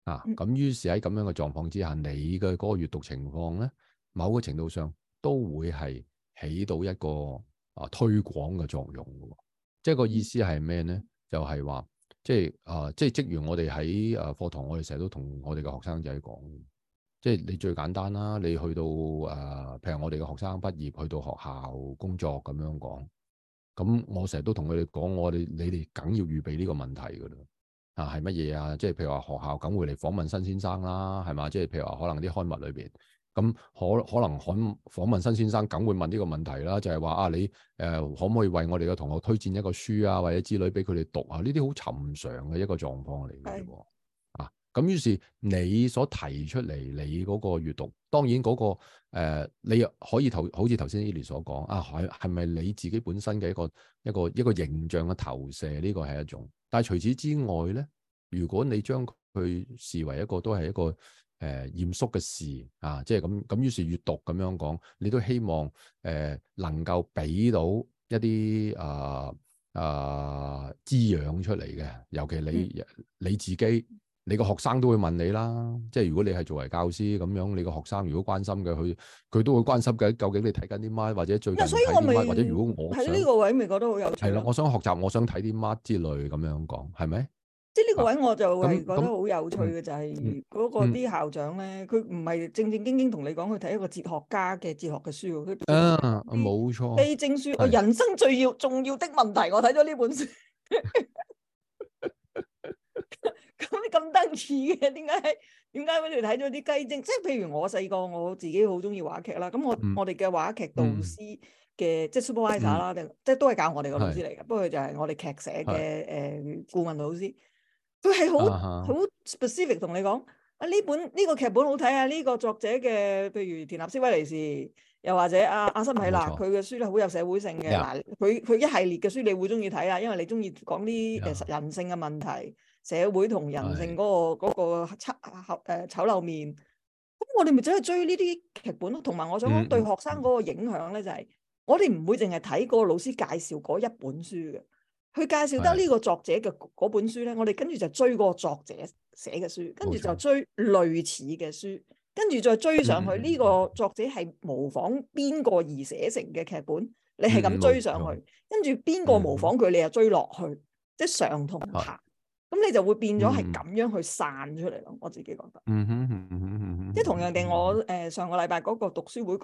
啊，咁於是喺咁樣嘅狀況之下，你嘅嗰個閱讀情況咧，某個程度上都會係起到一個啊推廣嘅作用嘅，即係個意思係咩咧？就係話。即係啊、呃！即係，職員我哋喺啊課堂，我哋成日都同我哋嘅學生仔講，即係你最簡單啦。你去到啊、呃，譬如我哋嘅學生畢業去到學校工作咁樣講，咁我成日都同佢哋講，我哋你哋梗要預備呢個問題㗎啦。啊，係乜嘢啊？即係譬如話學校梗會嚟訪問新先生啦，係嘛？即係譬如話可能啲刊物裏邊。咁、嗯、可可能可訪問新先生，梗會問呢個問題啦，就係、是、話啊，你誒、呃、可唔可以為我哋嘅同學推薦一個書啊，或者之類俾佢哋讀啊？呢啲好尋常嘅一個狀況嚟嘅。啊，咁於、啊啊、是你所提出嚟，你嗰個閱讀，當然嗰、那個誒、呃，你可以頭好似頭先 Eli 所講啊，係係咪你自己本身嘅一個一個一個，一個形象嘅投射？呢、這個係一種。但係除此之外咧，如果你將佢視為一個都係一個。誒、呃、嚴肅嘅事啊，即係咁咁，於是閲讀咁樣講，你都希望誒、呃、能夠俾到一啲啊啊滋養出嚟嘅，尤其你、嗯、你自己，你個學生都會問你啦。即係如果你係作為教師咁樣，你個學生如果關心嘅，佢佢都會關心嘅。究竟你睇緊啲乜？或者最近睇啲乜？是或者如果我係呢個位，咪覺得好有趣？係啦，我想學習，我想睇啲乜之類咁樣講，係咪？即係呢個位，我就係覺得好有趣嘅，就係、是、嗰個啲校長咧，佢唔係正正經經同你講，佢睇一個哲學家嘅哲學嘅書。佢冇、啊、錯。雞精書，我人生最要重要的問題，是我睇咗呢本書。咁 你咁得意嘅，點解？點解佢哋睇咗啲雞精？即係譬如我細個，我自己好中意話劇啦。咁我我哋嘅話劇導師嘅，嗯、即係 supervisor 啦、嗯，即係都係教我哋嘅老師嚟嘅。是不過就係我哋劇社嘅誒顧問老師。佢係好好 specific 同你講啊！呢本呢、這個劇本好睇啊！呢、這個作者嘅，譬如田納西威尼士，又或者、啊、阿阿瑟米勒，佢嘅、啊、書咧好有社會性嘅嗱。佢佢 Yeah.、啊、一系列嘅書，你會中意睇啦，因為你中意講啲誒人性嘅問題、Yeah. 社會同人性嗰 Yeah.、那個嗰、那個呃、醜合誒醜陋面。咁 Yeah. 我哋咪走去追呢啲劇本咯、啊。同埋我想講對學生嗰個影響咧，就係我哋唔會淨係睇個老師介紹嗰一本書嘅。Hmm. Mm hmm. mm hmm. 佢介紹得呢個作者嘅嗰本書咧，我哋跟住就追個作者寫嘅書，跟住就追類似嘅書，跟住再追上去。呢、嗯、個作者係模仿邊個而寫成嘅劇本，你係咁追上去，嗯、跟住邊個模仿佢，你又追落去，嗯、即係上同下。嗯咁你就會變咗係咁樣去散出嚟咯，我自己覺得。嗯哼，即係、嗯嗯、同樣地我，我、呃、誒上個禮拜嗰個讀書會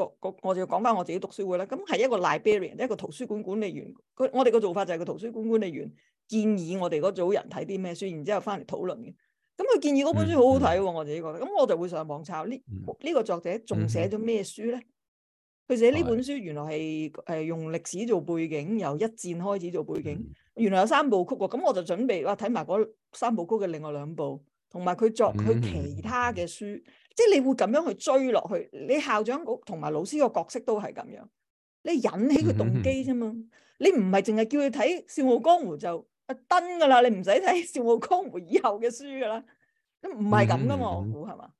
我就要講翻我自己讀書會啦。咁係一個 librarian，一個圖書館管理員。佢，我哋個做法就係個圖書館管理員建議我哋嗰組人睇啲咩書，然之後翻嚟討論嘅。咁佢建議嗰本書好好睇喎，我自己覺得。咁我就會上網抄呢呢個作者仲寫咗咩書咧？佢寫呢本書原來係誒用歷史做背景，由一戰開始做背景。原來有三部曲喎，咁我就準備話睇埋嗰三部曲嘅另外兩部，同埋佢作佢其他嘅書，嗯、哼即係你會咁樣去追落去。你校長同埋老師個角色都係咁樣，你引起佢動機啫嘛。你唔係淨係叫佢睇《笑傲江湖》就阿登噶啦，你唔使睇《笑傲江湖》以後嘅書噶啦，咁唔係咁噶嘛，我估係嘛？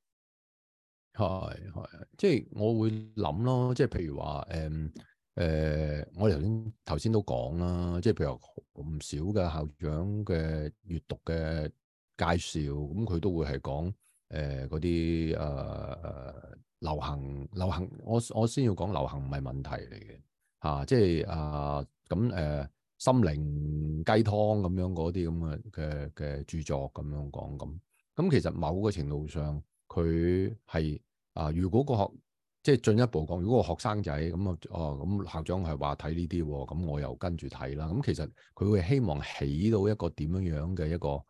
係係，即係我會諗咯，即係譬如話誒誒，我哋頭先頭先都講啦，即係譬如唔少嘅校長嘅閱讀嘅介紹，咁、嗯、佢都會係講誒嗰啲誒流行流行，我我先要講流行唔係問題嚟嘅嚇，即係啊咁誒心靈雞湯咁樣嗰啲咁嘅嘅嘅著作咁樣講咁，咁、嗯、其實某個程度上佢係。啊！如果個學即係進一步講，如果個學生仔咁、嗯哦嗯、啊，哦咁校長係話睇呢啲喎，咁我又跟住睇啦。咁、嗯嗯、其實佢會希望起到一個點樣樣嘅一個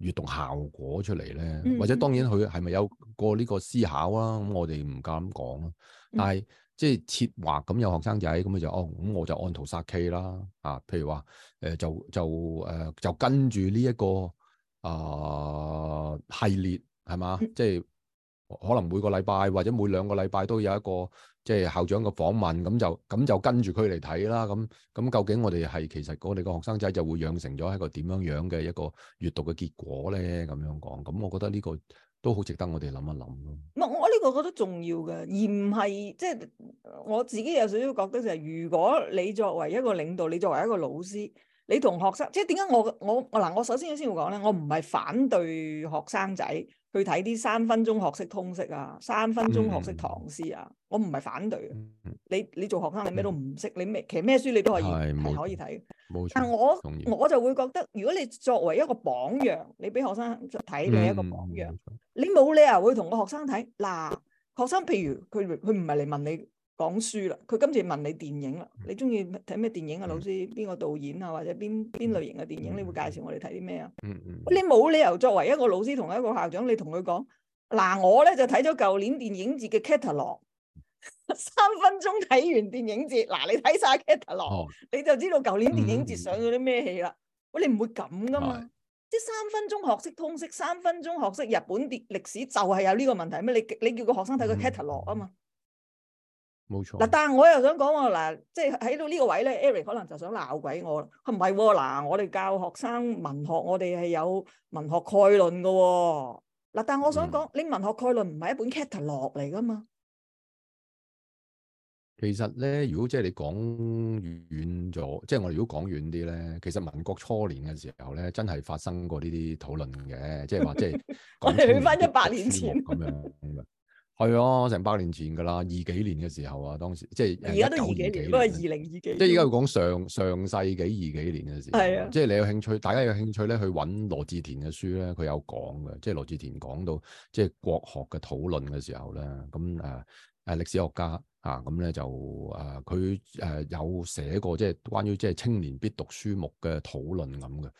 閱讀效果出嚟咧，嗯、或者當然佢係咪有過呢個思考啊？咁、嗯、我哋唔敢講咯、啊。但係、嗯、即係設畫咁有學生仔咁、嗯、就哦，咁我就按圖殺 K 啦啊！譬如話誒、呃、就就誒、呃、就跟住呢一個啊、呃、系列係嘛，即係。嗯可能每個禮拜或者每兩個禮拜都有一個即係校長嘅訪問，咁就咁就跟住佢嚟睇啦。咁咁究竟我哋係其實我哋個學生仔就會養成咗係一個點樣樣嘅一個閱讀嘅結果咧？咁樣講，咁我覺得呢個都好值得我哋諗一諗咯。唔係我呢個覺得重要嘅，而唔係即係我自己有少少覺得就係，如果你作為一個領導，你作為一個老師，你同學生即係點解我我嗱我首先先要講咧，我唔係反對學生仔。去睇啲三分鐘學識通識啊，三分鐘學識唐詩啊，嗯、我唔係反對嘅。嗯、你你做學生你咩都唔識，你咩其實咩書你都係係可以睇。冇錯沒。錯但我錯我就會覺得，如果你作為一個榜樣，你俾學生睇，你一個榜樣，嗯、你冇理由會同個學生睇。嗱、啊，學生譬如佢佢唔係嚟問你，講書啦，佢今次問你電影啦，你中意睇咩電影啊？老師，邊個導演啊？或者邊邊類型嘅電影？你會介紹我哋睇啲咩啊？嗯嗯。嗯，你冇理由作為一個老師同一個校長，你同佢講嗱，我咧就睇咗舊年電影節嘅 catalog，三分鐘睇完電影節。嗱、啊，你睇晒、哦《catalog，你就知道舊年電影節上咗啲咩戲啦。喂、嗯啊，你唔會咁噶嘛？是即三分鐘學識通識，三分鐘學識日本啲歷史，就係有呢個問題咩？你你叫個學生睇個 catalog 啊嘛？嗯冇錯，嗱，但係我又想講我嗱，即係喺到呢個位咧，Eric 可能就想鬧鬼我啦。佢唔係，嗱，我哋教學生文學，我哋係有文學概論噶。嗱，但係我想講，你文學概論唔係一本 catalog 嚟噶嘛？其實咧，如果即係你講遠咗，即係我哋如果講遠啲咧，其實民國初年嘅時候咧，真係發生過呢啲討論嘅，即係話即係我哋去翻一百年前咁樣。係啊，成百年前噶啦，二幾年嘅時候啊，當時即係而家都二幾年，不過二零二幾年，即係而家要講上上世紀二幾年嘅時，係啊的，即係你有興趣，大家有興趣咧去揾羅志田嘅書咧，佢有講嘅，即係羅志田講到即係國學嘅討論嘅時候咧，咁啊誒歷史學家啊咁咧就誒佢誒有寫過即係關於即係青年必讀書目嘅討論咁嘅，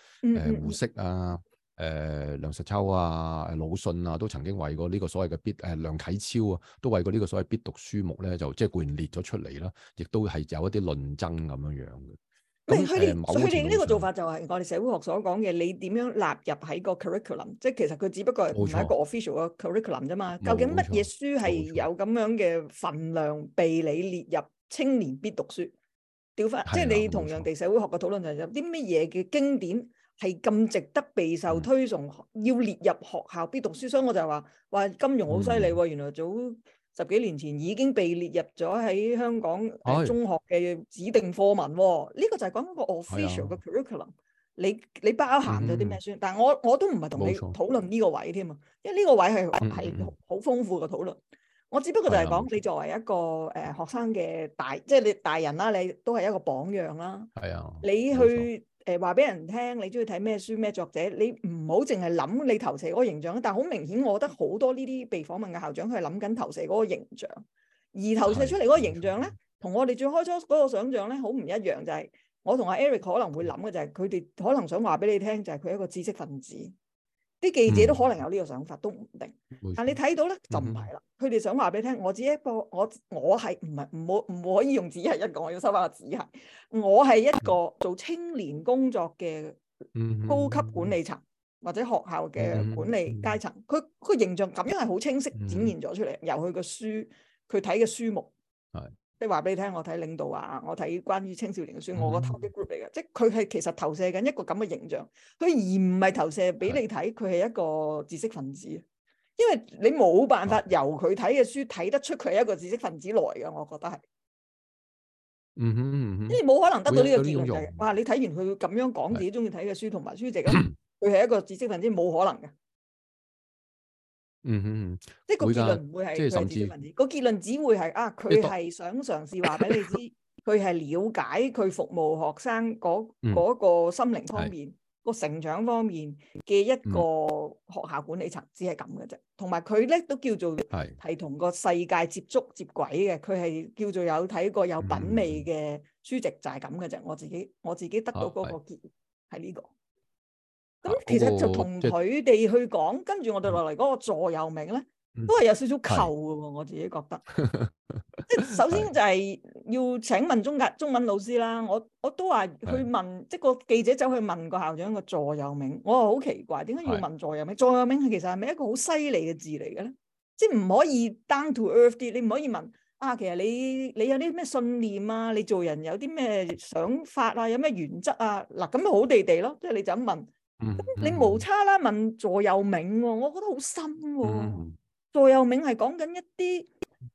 誒胡適啊。呃嗯嗯誒、呃、梁實秋啊，啊、魯迅啊，都曾經為過呢個所謂嘅必誒、呃、梁啟超啊，都為過呢個所謂必讀書目咧，就即係固然列咗出嚟啦，亦都係有一啲論爭咁樣樣嘅。咁佢哋佢哋呢個做法就係我哋社會學所講嘅，你點樣納入喺個 curriculum？即係其實佢只不過唔係一個 official 嘅 curriculum 啫嘛。究竟乜嘢書係有咁樣嘅份量被你列入青年必讀書？調翻即係你同人哋社會學嘅討論就有啲乜嘢嘅經典？係咁值得備受推崇，要列入學校必讀書。所以我就係話，哇，金融好犀利喎。原來早十幾年前已經被列入咗喺香港中學嘅指定課文。呢個就係講個 official 嘅 curriculum，你你包含咗啲咩先？但係我我都唔係同你討論呢個位添啊，因為呢個位係係好豐富嘅討論。我只不過就係講你作為一個誒學生嘅大，即係你大人啦，你都係一個榜樣啦。係啊，你去。誒話俾人聽，你中意睇咩書咩作者，你唔好淨係諗你投射嗰個形象。但係好明顯，我覺得好多呢啲被訪問嘅校長，佢係諗緊投射嗰個形象，而投射出嚟嗰個形象咧，同的我哋最開初嗰個想象咧，好唔一樣。就係、是、我同阿 Eric 可能會諗嘅就係，佢哋可能想話俾你聽，就係佢一個知識分子。啲記者都可能有呢個想法，都唔定。但你睇到咧就唔係啦。佢哋、嗯、哼想話俾你聽，我只一個，我我係唔係唔冇唔可以用隻」，係一個，我要收翻個「隻」。我係一個做青年工作嘅高級管理層，或者學校嘅管理階層。佢佢、嗯、哼形象咁樣係好清晰、嗯、哼展現咗出嚟，由佢嘅書佢睇嘅書目。即係話俾你聽，我睇領導啊，我睇關於青少年嘅書，我個投擊 group 嚟嘅，即係佢係其實投射緊一個咁嘅形象，佢而唔係投射俾你睇，佢係的一個知識分子，因為你冇辦法由佢睇嘅書睇得出佢係一個知識分子來嘅，我覺得係、嗯。嗯哼嗯哼，你冇可能得到呢個結論嘅。哇！你睇完佢咁樣講自己中意睇嘅書同埋的書籍啊，佢係一個知識分子，冇可能嘅。嗯嗯嗯，即係是個家結論唔會係為自己問題，個至結論只會係啊，佢係想嘗試話俾你知，佢係 了解佢服務學生嗰嗰、嗯、個心靈方面、嗯、個成長方面嘅一個學校管理層，只係咁嘅啫。同埋佢咧都叫做係同個世界接觸、嗯、接軌嘅，佢係叫做有睇過有品味嘅書籍，嗯、就係咁嘅啫。我自己我自己得到嗰個結論係呢個。咁、啊、其實就同佢哋去講，哦、跟住我哋落嚟嗰個座右銘咧，嗯、都係有少少舊嘅喎。是我自己覺得， 即係首先就係要請問中格中文老師啦。我我都話去問，是即係個記者走去問個校長個座右銘，我話好奇怪，點解要問座右銘？是座右銘係其實係咪一個好犀利嘅字嚟嘅咧？即係唔可以 down to earth 啲，你唔可以問啊。其實你你有啲咩信念啊？你做人有啲咩想法啊？有咩原則啊？嗱、啊，咁咪好地地咯，即、就、係、是、你就咁問。你無差啦，問座右銘、哦，我覺得好深喎、哦。座、嗯、右銘係講緊一啲誒、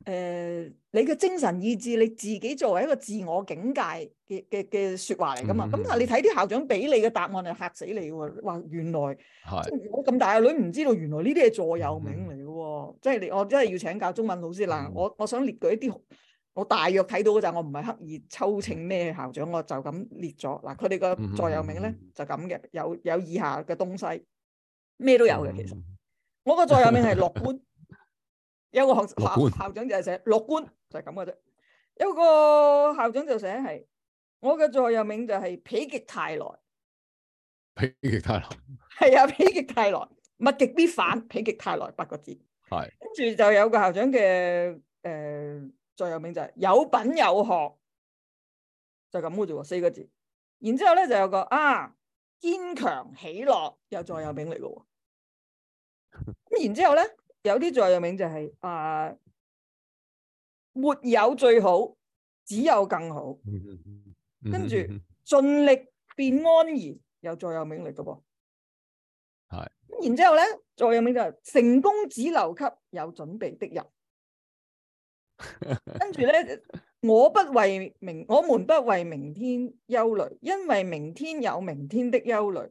呃，你嘅精神意志，你自己作為一個自我境界嘅嘅嘅說話嚟噶嘛。咁但係你睇啲校長俾你嘅答案，係吓死你喎。話原來係是我咁大個女唔知道，原來呢啲係座右銘嚟嘅，即係你我真係要請教中文老師嗱，嗯、我我想列舉一啲。我大約睇到嘅就，我唔係刻意抽秤咩校長，我就咁列咗。嗱，佢哋個座右銘咧就咁嘅，有有以下嘅東西，咩都有嘅。其實我個座右銘係樂觀， 有個校校校長就係寫樂觀，就係咁嘅啫。有個校長就寫係我嘅座右銘就係否極泰來。否極泰來。係 啊，否極泰來，物極必反，否極泰來八個字。係。跟住的 就有個校長嘅誒。呃座右銘就係有品有學，就咁嘅啫喎，四個字。然之後咧就有個啊堅強喜樂，又座右銘嚟嘅。咁然之後咧，有啲座右銘就係、是、啊沒有最好，只有更好。跟住盡力變安然，又座右銘嚟嘅噃。係。然之後咧，座右銘就係、是、成功只留給有準備的人。跟住咧，我不為明，我們不為明天憂慮，因為明天有明天的憂慮。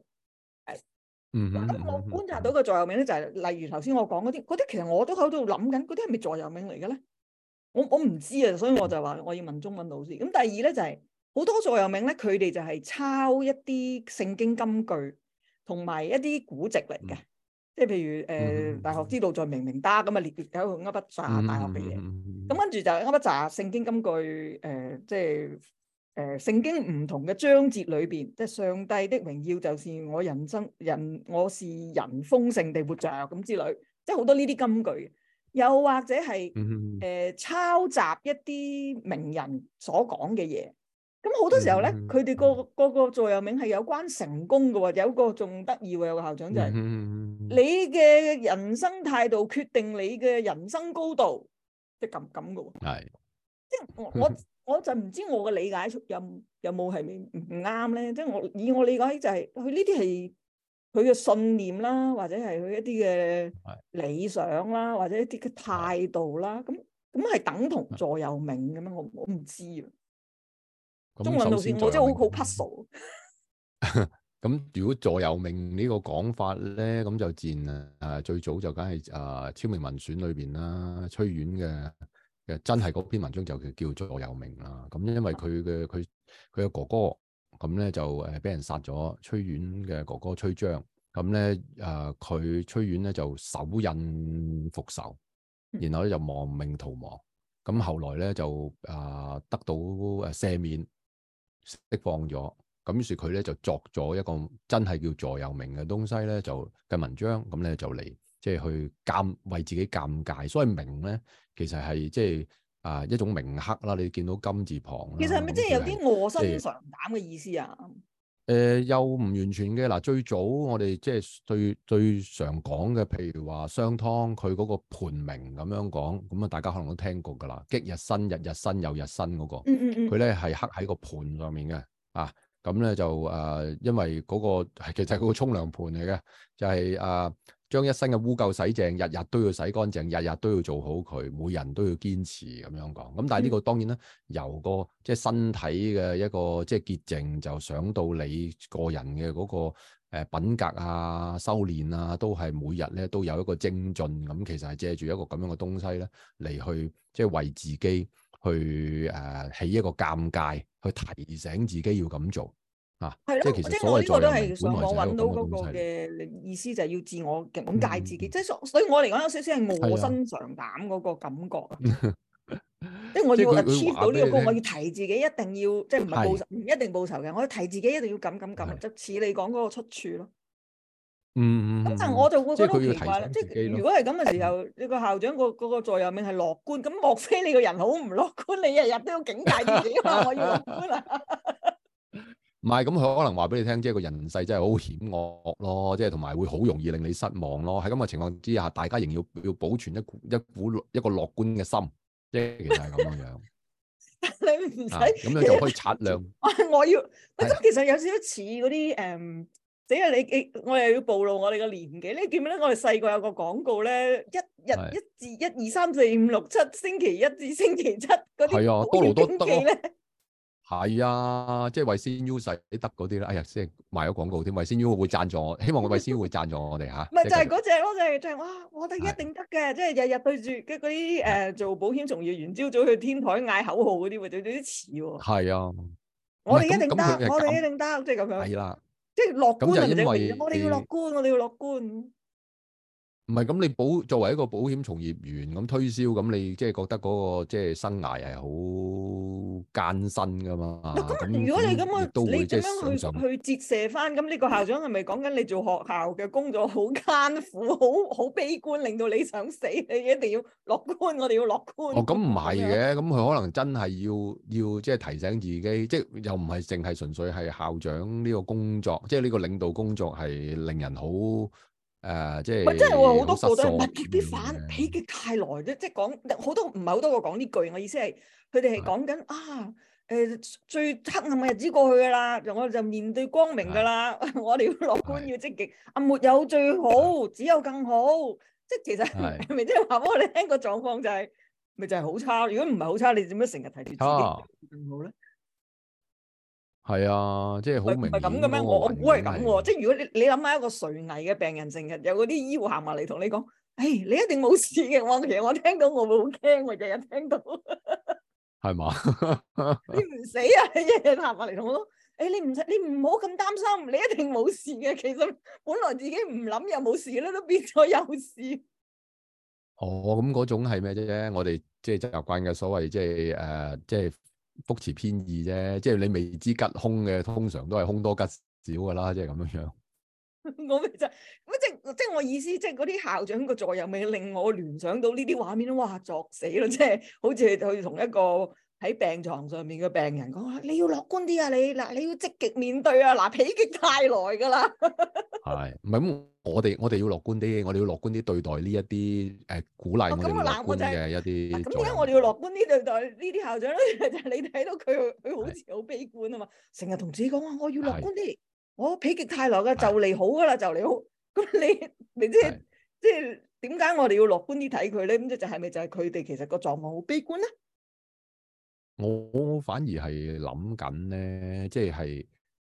係、 嗯哼，咁我觀察到嘅座右銘咧就係、是，例如頭先我講嗰啲，嗰啲其實我都喺度諗緊，嗰啲係咪座右銘嚟嘅咧？我我唔知啊，所以我就話我要問中文老師。咁第二咧就係、是，好多座右銘咧，佢哋就係抄一啲聖經金句，同埋一啲古籍嚟嘅。嗯即係譬如誒、呃 mm hmm. 大學之道在明明德，咁啊列列喺啲啱筆札大學嘅嘢，咁跟住就啱筆札聖經金句誒、呃，即係誒、呃、聖經唔同嘅章節裏邊，即係上帝的榮耀就是我人生，人，我是人豐盛地活著咁之類，即係好多呢啲金句，又或者係誒、mm hmm. 呃、抄襲一啲名人所講嘅嘢。咁好多時候咧，佢哋個個個座右銘係有關成功嘅喎，有個仲得意喎，有個校長就係、係：你嘅人生態度決定你嘅人生高度，就係、係即係咁咁嘅喎。即係我我就唔知我嘅理解有有冇係唔啱咧。即係我以我理解就係佢呢啲係佢嘅信念啦，或者係佢一啲嘅理想啦，或者一啲嘅態度啦。咁咁係等同座右銘嘅咩？我我唔知啊。中文老師先我真係好好 puzzle。咁 如果座右銘呢個講法咧，咁就賤啦。啊，最早就梗係啊《昭明文選》裏邊啦，崔瑗嘅嘅真係嗰篇文章就叫叫座右銘啦。咁、啊、因為佢嘅佢佢嘅哥哥咁咧就誒俾人殺咗，崔瑗嘅哥哥崔章咁咧啊，佢崔瑗咧就手刃復仇，然後咧就亡命逃亡。咁後來咧就啊得到誒赦免。釋放咗，咁於是佢咧就作咗一個真係叫座右銘嘅東西咧，就嘅文章，咁、嗯、咧就嚟即係去鑒為自己尷尬，所以銘咧其實係即係啊一種銘刻啦，你見到金字旁其實係咪、就是、即係有啲臥薪嘗膽嘅意思啊？呃誒、呃，又唔完全嘅嗱，最早我哋即係最最常講嘅，譬如話商湯佢嗰個盤銘咁樣講，咁啊大家可能都聽過噶啦，苟日新，日日新又日新嗰、那個，佢呢係刻喺個盤上面嘅，啊，咁呢就誒、呃，因為嗰、那個係其實係個沖涼盤嚟嘅，就係、是、啊。呃將一生嘅污垢洗淨，日日都要洗乾淨，日日都要做好佢，每人都要堅持咁樣講。咁但係呢個當然啦，由個即係身體嘅一個即係潔淨，就想到你個人嘅嗰個品格啊、修練啊，都係每日咧都有一個精進。咁、嗯、其實係借住一個咁樣嘅東西咧，嚟去即係為自己去誒、呃、起一個尷尬，去提醒自己要咁做。啊，係咯，即係我呢個都係上網，搵到嗰個嘅意思就係要自我警戒自己，即係所，所以我嚟講有少少係臥薪嘗膽嗰個感覺啊。即係我要 achieve 到呢個 goal，我要提自己一定要，即係唔係報仇，唔一定報仇嘅，我要提自己一定要咁咁咁，即係似你講嗰個出處咯。嗯咁但係我就會覺得好奇怪啦，即係如果係咁嘅時候，你個校長個個座右銘係樂觀，咁莫非你個人好唔樂觀？你日日都要警戒自己嘛？我要樂觀啊！唔係咁，佢可能話俾你聽，即係個人世真係好險惡咯，即係同埋會好容易令你失望咯。喺咁嘅情況之下，大家仍要要保存一一股一個樂觀嘅心，即係其實係咁樣樣。你唔使咁樣就可以測量。我我要，其實有少少似嗰啲誒，係啊，你我又要暴露我哋嘅年紀。你記唔記我哋細個有個廣告咧？一日一至一二三四五六七，星期一至星期七啲。係啊，多勞多得啊。係啊，即係衛先 U 使得嗰啲啦。哎呀，先係賣咗廣告添，衛先 U 會贊助我，希望衛先會贊助我哋吓。唔係就係嗰隻咯，就係即係哇，我哋一定得嘅，是即係日日對住嗰啲誒，做保險從業員，朝早去天台嗌口號嗰啲，對對啲似喎。係啊，我哋一定得，我哋一定得，即係咁樣。係啦、啊，即係樂觀，我哋要樂觀，我哋要樂觀。唔係咁，你保作為一個保險從業員咁推銷，咁你即係覺得嗰、那個即係、就是、生涯係好艱辛噶嘛？咁那麼 那如果你咁嘅，你點樣去去折射翻？咁呢個校長係咪講緊你做學校嘅工作好艱苦，好好悲觀，令到你想死？你一定要樂觀，我哋要樂觀。哦，咁唔係嘅，咁佢可能真係要要即係提醒自己，即、就、係、是、又唔係淨係純粹係校長呢個工作，即係呢個領導工作係令人好。誒、呃，即係唔真係？我好多個都係物極必反，否極、嗯、泰來。啫。即係講好多唔係好多個講呢句。我意思係佢哋係講緊啊，誒、呃，最黑暗嘅日子過去噶啦，我哋就面對光明噶啦。我哋是的 要樂觀要積極，要積極。啊，沒有最好，只有更好。即係其實，明明即係話俾我哋聽個狀況就係、是，咪就係、是、好差。如果唔係好差，你點樣成日提住自己更好咧？ 係啊，即係好明。係咁嘅咩？我我估係咁嘅，即係如果你你諗下一個垂危嘅病人，成日有嗰啲醫護行埋嚟同你講，誒，你一定冇事嘅。我其實我聽到我會好驚，我日日聽到，係嘛？你唔死啊？日日行埋嚟同我講，誒，你唔使，你唔好咁擔心，你一定冇事嘅。其實本來自己唔諗又冇事咧，都變咗有事。哦，咁嗰種係咩啫？我哋即係習慣嘅所謂即係誒，即係。福 o 持偏異啫，即係你未知吉凶嘅，通常都係凶多吉少噶啦，即係咁樣樣。我咪就，乜即係即係我意思，即係嗰啲校長個座右銘令我聯想到呢啲畫面，哇，作死咯，即係好似佢同一個喺病床上面嘅病人講話：你要樂觀啲啊，你嗱你要積極面對啊，嗱否極泰來噶啦。係，咁我哋我哋要樂觀啲，我哋要樂觀啲對待呢一啲誒鼓勵咁嘅一啲咁。我點解我哋要樂觀啲對待呢啲校長咧？就你睇到佢佢好似好悲觀啊嘛，成日同自己講話我要樂觀啲，我否極泰來噶，就嚟好噶啦，就嚟好。咁你你即係即係點解我哋要樂觀啲睇佢咧？咁就係咪就係佢哋其實個狀況好悲觀咧？我反而係諗緊咧，即係誒、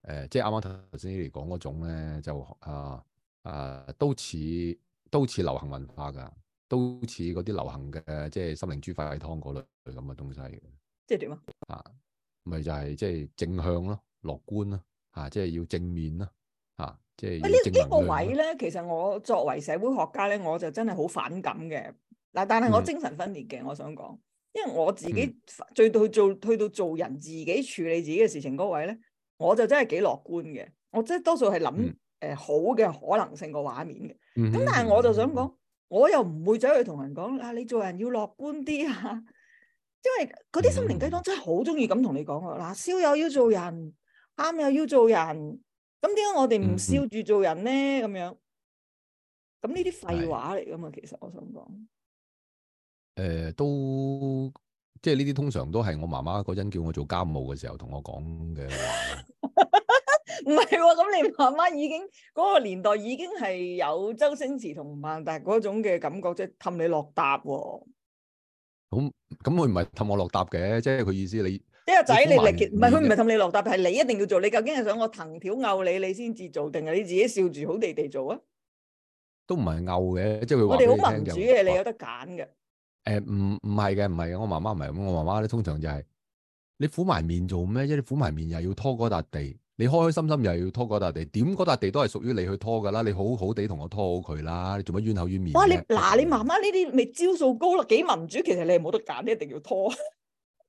呃，即係啱啱頭先你講嗰種咧，就啊、呃、啊，都似都似流行文化噶，都似嗰啲流行嘅，即係心靈豬肺湯嗰類咁嘅東西。即係點啊？啊、就是，咪就係即係正向咯，樂觀啦，啊，即係要正面啦，啊，即係。呢呢個位咧，其實我作為社會學家咧，我就真係好反感嘅。嗱，但係我精神分裂嘅，嗯、我想講。因為我自己最到做去到做人自己處理自己嘅事情嗰位咧，我就真係幾樂觀嘅。我即係多數係諗誒，好嘅可能性個畫面嘅。咁、嗯、哼但係我就想講，我又唔會走去同人講嗱、啊，你做人要樂觀啲啊。因為嗰啲心靈雞湯真係好中意咁同你講，嗱、啊，笑又要做人，喊又要做人。咁點解我哋唔笑住做人咧？咁樣咁呢啲廢話嚟噶嘛？嗯、哼其實我想講。誒、呃，都即係呢啲通常都係我媽媽嗰陣叫我做家務嘅時候同我講嘅話。唔係、 啊，咁你媽媽已經嗰、嗰個年代已經係有周星馳同萬達嗰種嘅感覺，即係氹你落搭、哦。咁咁佢唔係氹我落搭嘅，即係佢意思你。一個仔你唔係佢唔係氹你落搭，係你一定要做。你究竟係想我藤條拗你，你先至做，定係你自己笑住好地地做啊？都唔係拗嘅，即係佢話我哋好民主嘅，說你有得揀嘅。誒，唔唔係嘅，唔係嘅，我媽媽唔係，我媽媽咧通常就係、係，你苦埋面做咩？即你苦埋面又要拖嗰笪地，你開開心心又要拖嗰笪地，點嗰笪地都係屬於你去拖噶啦，你好好地同我拖好佢啦，你做乜冤口冤面？哇，你嗱你媽媽呢啲咪招數高咯，幾民主，其實你係冇得揀，你一定要拖。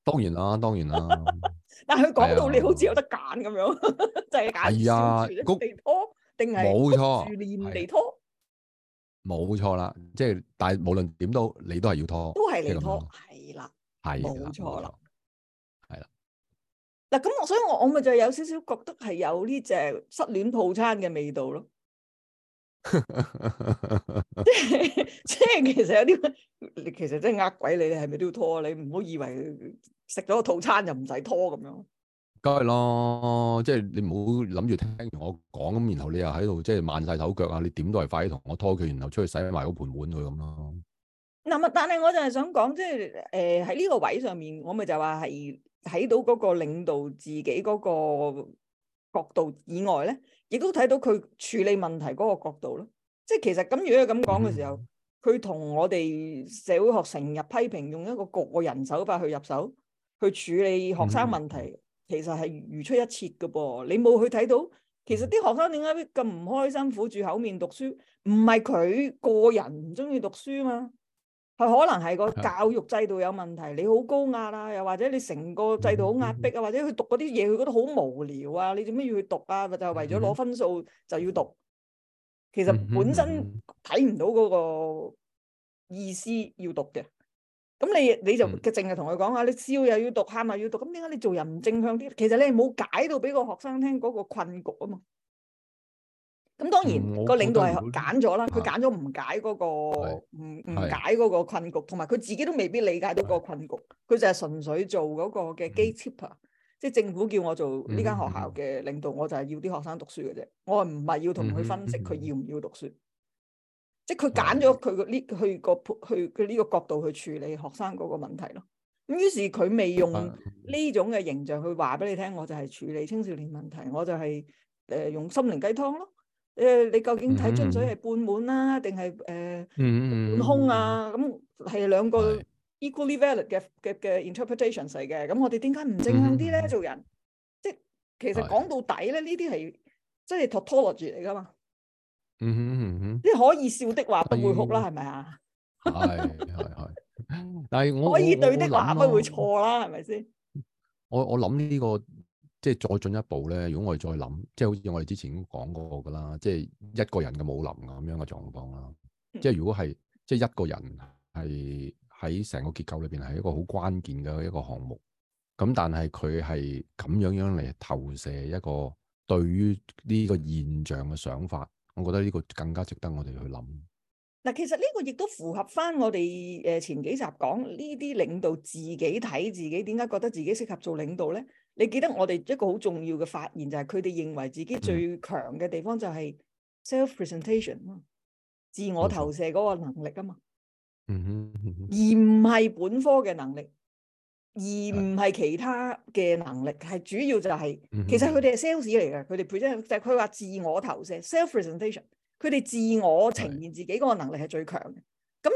當然啦，當然啦。 但係佢講到你好似有得揀咁、啊、咁樣， 就係揀地拖定係冇拖地拖。冇錯啦，即係但係無論點都你都係要拖，都係你拖，係啦，係冇錯啦，係啦。嗱咁，我所以我我咪就有少少覺得係有呢隻失戀套餐嘅味道咯。即係即係其實有啲，其實真係呃鬼你，你係咪都要拖？你唔好以為食咗個套餐就唔使拖咁樣。梗係咯，即係你唔好諗住聽我講咁，然後你又喺度即係慢晒手腳啊！你點都係快啲同我拖佢，然後出去洗埋嗰盤碗佢咁咯。嗱，但係我就係想講，即係誒喺呢個位上面，我咪就話係睇到嗰個領導自己嗰個角度以外咧，亦都睇到佢處理問題嗰個角度咯。即係其實咁，如果係咁講嘅時候，佢同、嗯、我哋社會學成日批評用一個個人手法去入手去處理學生問題。嗯其實係如出一轍㗎噃，你冇去睇到其實啲學生點解咁唔開心苦住口面讀書？唔係佢個人唔中意讀書啊嘛，佢可能係個教育制度有問題。你好高壓啊，又或者你成個制度好壓迫啊，或者佢讀嗰啲嘢佢覺得好無聊啊，你做咩要去讀啊？咪就係為咗攞分數就要讀。其實本身睇唔到嗰個意思要讀嘅。咁你你就佢淨係同佢講啊，嗯、你笑又要，要讀，喊又要讀，咁點解你做人唔正向啲？其實你係冇解到俾個學生聽嗰個困局啊嘛。咁當然有個領導係揀咗啦，佢揀咗唔解嗰、嗰個唔唔、啊、解嗰個困局，同埋佢自己都未必理解到個困局。佢是就係純粹做嗰個嘅 gatekeeper 啊，即係政府叫我做呢間學校嘅領導，嗯、我就係要啲學生讀書嘅啫，我唔係要同佢分析佢要唔要讀書。即係佢揀咗佢個呢去個去佢呢個角度去處理學生嗰個問題咯。咁於是佢未用呢種嘅形象去話俾你聽，我就係處理青少年問題，我就係、是、誒、呃、用心靈雞湯咯。誒、呃，你究竟睇樽水係半滿啦、啊，定係誒半空啊？咁、嗯、係兩個 equally valid 嘅嘅嘅 interpretations 嚟嘅。咁、嗯嗯嗯、我哋點解唔正向啲咧？做人即係其實講到底咧，呢啲係即係 tautology 嚟噶嘛。嗯哼嗯嗯嗯，即係可以笑的話不會哭啦，係咪啊？係係係， 但係我可以對的話不會錯啦，係咪先？我我諗呢個即係再進一步咧，如果我哋再諗，即係好似我哋之前已經講過噶啦，即係一個人嘅武林咁樣嘅狀況啦。即係、嗯、如果係即係一個人係喺成個結構裏邊係一個好關鍵嘅一個項目，咁但係佢係咁樣樣嚟投射一個對於呢個現象嘅想法。我覺得呢個更加值得我哋去諗。嗱，其實呢個亦都符合翻我哋誒前幾集講呢啲領導自己睇自己，點解覺得自己適合做領導咧？你記得我哋一個好重要嘅發現，就係佢哋認為自己最強嘅地方就係 self-presentation，嗯，自我投射嗰個能力啊嘛。嗯哼。而唔係本科嘅能力。而唔係其他嘅能力，係主要就係，其實佢哋係 sales 嚟嘅，佢哋本身就佢話自我投射 （self presentation），佢哋自我呈現自己嗰個能力係最強嘅。咁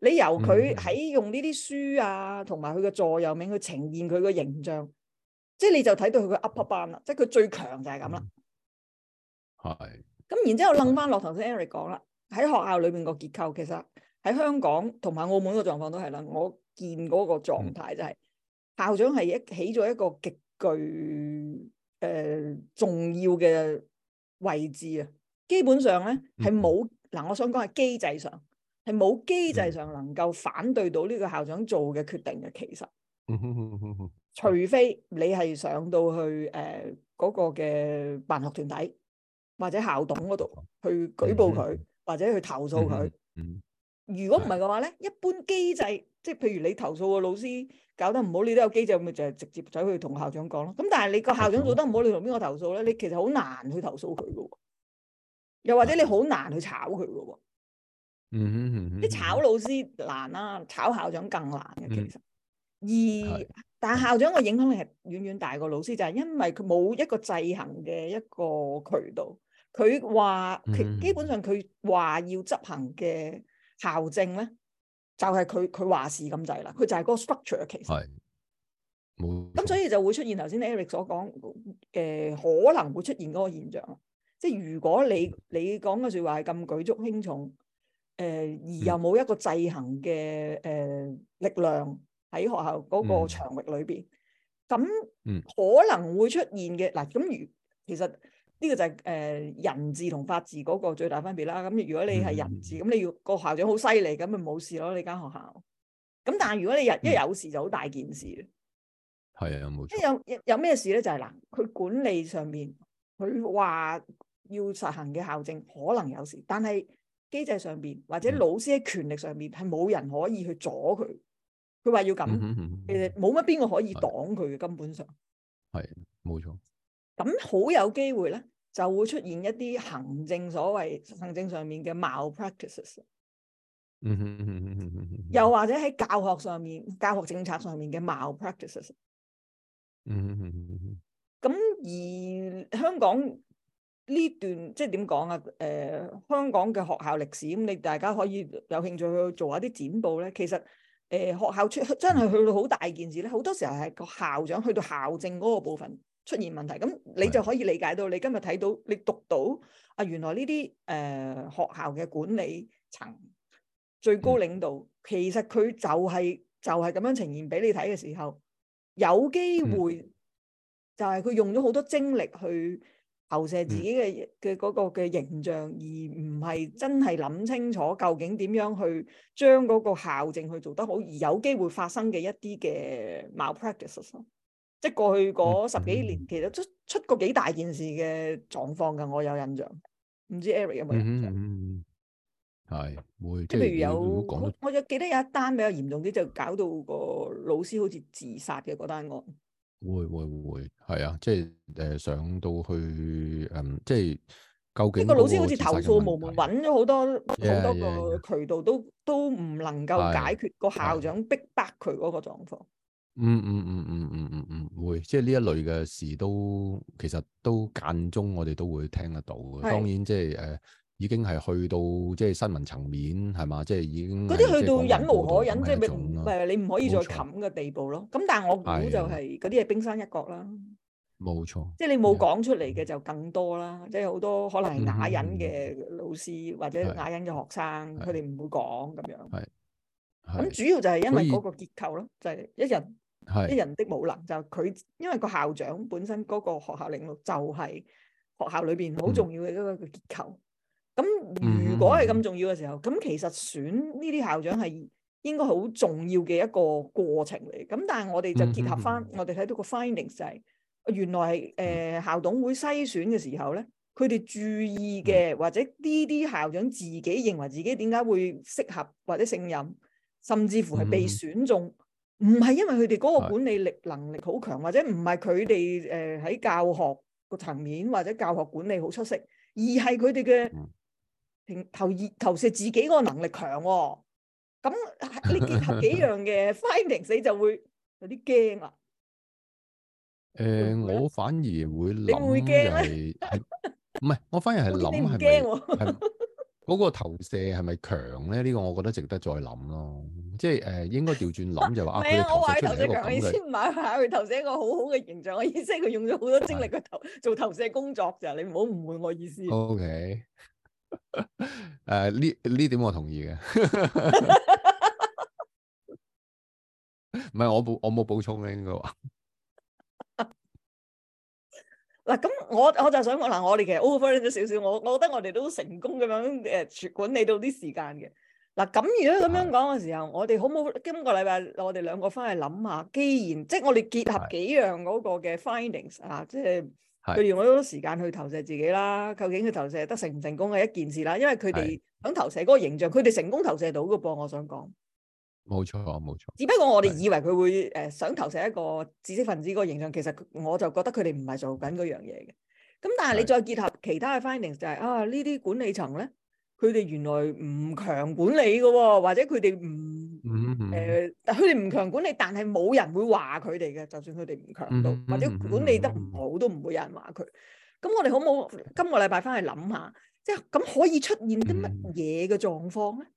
你由佢喺用呢啲書啊，同埋佢嘅座右銘去呈現佢嘅形象，即係你就睇到佢嘅 upper bound 啦，即係佢最強就係咁啦。係。咁然之後，諗翻落頭先，Eric 講啦，喺學校裏邊個結構，其實喺香港同埋澳門個狀況都係啦，我見嗰個狀態就係。校長係一起咗一個極具誒、呃、重要嘅位置啊！基本上咧係冇嗱，我想講係機制上係冇機制上能夠反對到呢個校長做嘅決定嘅。其實除非你係上到去誒嗰，呃嗰個嘅辦學團體或者校董嗰度去舉報佢或者去投訴佢。如果唔係嘅話咧，一般機制即係譬如你投訴個老師。搞得唔好，你都有機制，咪就係直接走去同校長講咯。咁但係你個校長做得唔好，你同邊個投訴咧？你其實好難去投訴佢嘅喎，又或者你好難去炒佢嘅喎。嗯嗯啲炒老師難啦，炒校長更難嘅其實。嗯、而的但係校長嘅影響力係遠遠大過老師，就係、是、因為佢冇一個制衡嘅一個渠道。佢話，基本上佢話要執行嘅校政咧。就係佢，佢話事咁滯啦，佢就係嗰個 structure 其實，咁所以就會出現頭先 Eric 所講，誒、呃、可能會出現嗰個現象，即係如果你、嗯、你講嘅說話係咁舉足輕重，誒、呃、而又冇一個制衡嘅誒、呃、力量喺學校嗰個場域裏邊，咁、嗯、可能會出現嘅。嗱，咁如其實。呢個就係誒人治同法治嗰個最大分別啦。咁如果你係人治，咁你要個校長好犀利，咁咪冇事咯。呢間學校。咁但係如果你一一有事就好大件事。係啊，有冇錯。有有咩事咧？就係嗱，佢管理上面，佢話要實行嘅校政可能有事，但係機制上邊或者老師喺權力上面，係冇人可以去阻佢。佢話要咁，其實冇乜邊個可以擋佢嘅根本上。係，冇錯。咁好有機會咧，就會出現一啲行政，所謂行政上面嘅 malpractices，嗯哼 又或者喺教學上面、教學政策上面嘅 malpractices，咁 而香港呢段即係點講啊？誒、呃，香港嘅學校歷史咁，你大家可以有興趣去做下啲展布咧。其實誒、呃，學校出真係去到好大件事咧，好 多時候係個校長去到校政嗰個部分，出現問題，咁你就可以理解到，你今日睇到，你讀到啊，原來呢啲誒學校嘅管理層最高領導，嗯、其實佢就係、是、就係、是、咁樣呈現俾你睇嘅時候，有機會就係佢用咗好多精力去投射自己嘅嘅嗰個嘅形象，而唔係真係諗清楚究竟點樣去將嗰個校政去做得好，而有機會發生嘅一啲嘅 malpractice。即係過去嗰十幾年，其實出出過幾大件事嘅狀況嘅，我有印象。唔知 Eric 有冇印象？係、嗯嗯嗯、會即係是譬如有講，我記得有一單比較嚴重啲，就搞到個老師好似自殺嘅嗰單案。會會會，係啊！即係誒上到去誒、嗯，即係究竟呢個，個老師好似投訴無門，揾咗好多好多個渠道都都唔能夠解決個校長逼迫佢嗰個狀況。嗯嗯嗯嗯嗯嗯嗯會，即係呢一類嘅事都其實都間中我哋都會聽得到嘅。當然即係誒，已經係去到即係新聞層面係嘛，即係已經嗰啲去到忍無可忍，即係你唔可以再冚嘅地步咯。咁但係我估就係嗰啲係冰山一角啦。冇錯，即係你冇講出嚟嘅就更多啦，即係好多可能係啞忍嘅老師或者啞忍嘅學生，佢哋唔會講咁樣。係，咁主要就係因為嗰個結構咯，就係一日。一是人的無能就佢，因為個校長本身嗰個學校領導就係學校裏邊好重要嘅嗰個結構。咁、嗯、如果係咁重要嘅時候，咁、嗯、其實選呢啲校長係應該好重要嘅一個過程嚟。咁但係我哋就結合翻，我哋睇到個 findings 就係原來係誒、呃、校董會篩選嘅時候咧，佢哋注意嘅、嗯、或者呢啲校長自己認為自己點解會適合或者勝任，甚至乎係被選中。嗯嗯唔係因為佢哋嗰個管理力能力好強，是或者唔係佢哋誒喺教學個層面或者教學管理好出色，而係佢哋嘅投、投射自己個能力強喎、哦。咁你結合幾樣嘅 finding，你就會有啲驚啦。誒、呃，我反而會諗係，唔係我反而係諗係咪？是嗰個投射係咪強咧？呢、呢個我覺得值得再諗咯。即係誒、呃，應該調轉諗就話、是、 啊，佢投射出一個咁，先唔係佢投射一個好好嘅形象嘅意思，佢用咗好多精力去投的做投射工作咋。你唔好誤會我意思。O K，誒，呢呢點我同意嘅。唔係我補，我冇補充嘅，應該話。嗱，咁、啊、我我就想講，嗱、啊，我哋其實 over 咗少少，我我覺得我哋都成功咁樣誒、呃，管理到啲時間嘅。嗱、啊、咁、啊、如果咁樣講嘅時候，是我哋好唔好？今個禮拜我哋兩個翻去諗下，既然即係我哋結合幾樣嗰個嘅 findings 是啊，即係佢用咗好多時間去投射自己啦，究竟佢投射得成唔成功係一件事啦，因為佢哋想投射嗰個形象，佢哋是成功投射到嘅噃，我想講。冇錯，冇錯。錯只不過我哋以為佢會誒，想投射一個知識分子個形象，的其實我就覺得佢哋唔係做緊嗰樣嘢嘅。咁但係你再結合其他嘅 finding 就係、是、的啊呢啲管理層咧，佢哋原來唔強管理噶、哦，或者佢哋唔誒，佢哋唔強管理，但係冇人會話佢哋嘅，就算佢哋唔強到 或者管理得唔好，都唔會有人話佢。咁我哋好冇今個禮拜翻去諗下，即係咁可以出現啲乜嘢嘅狀況咧？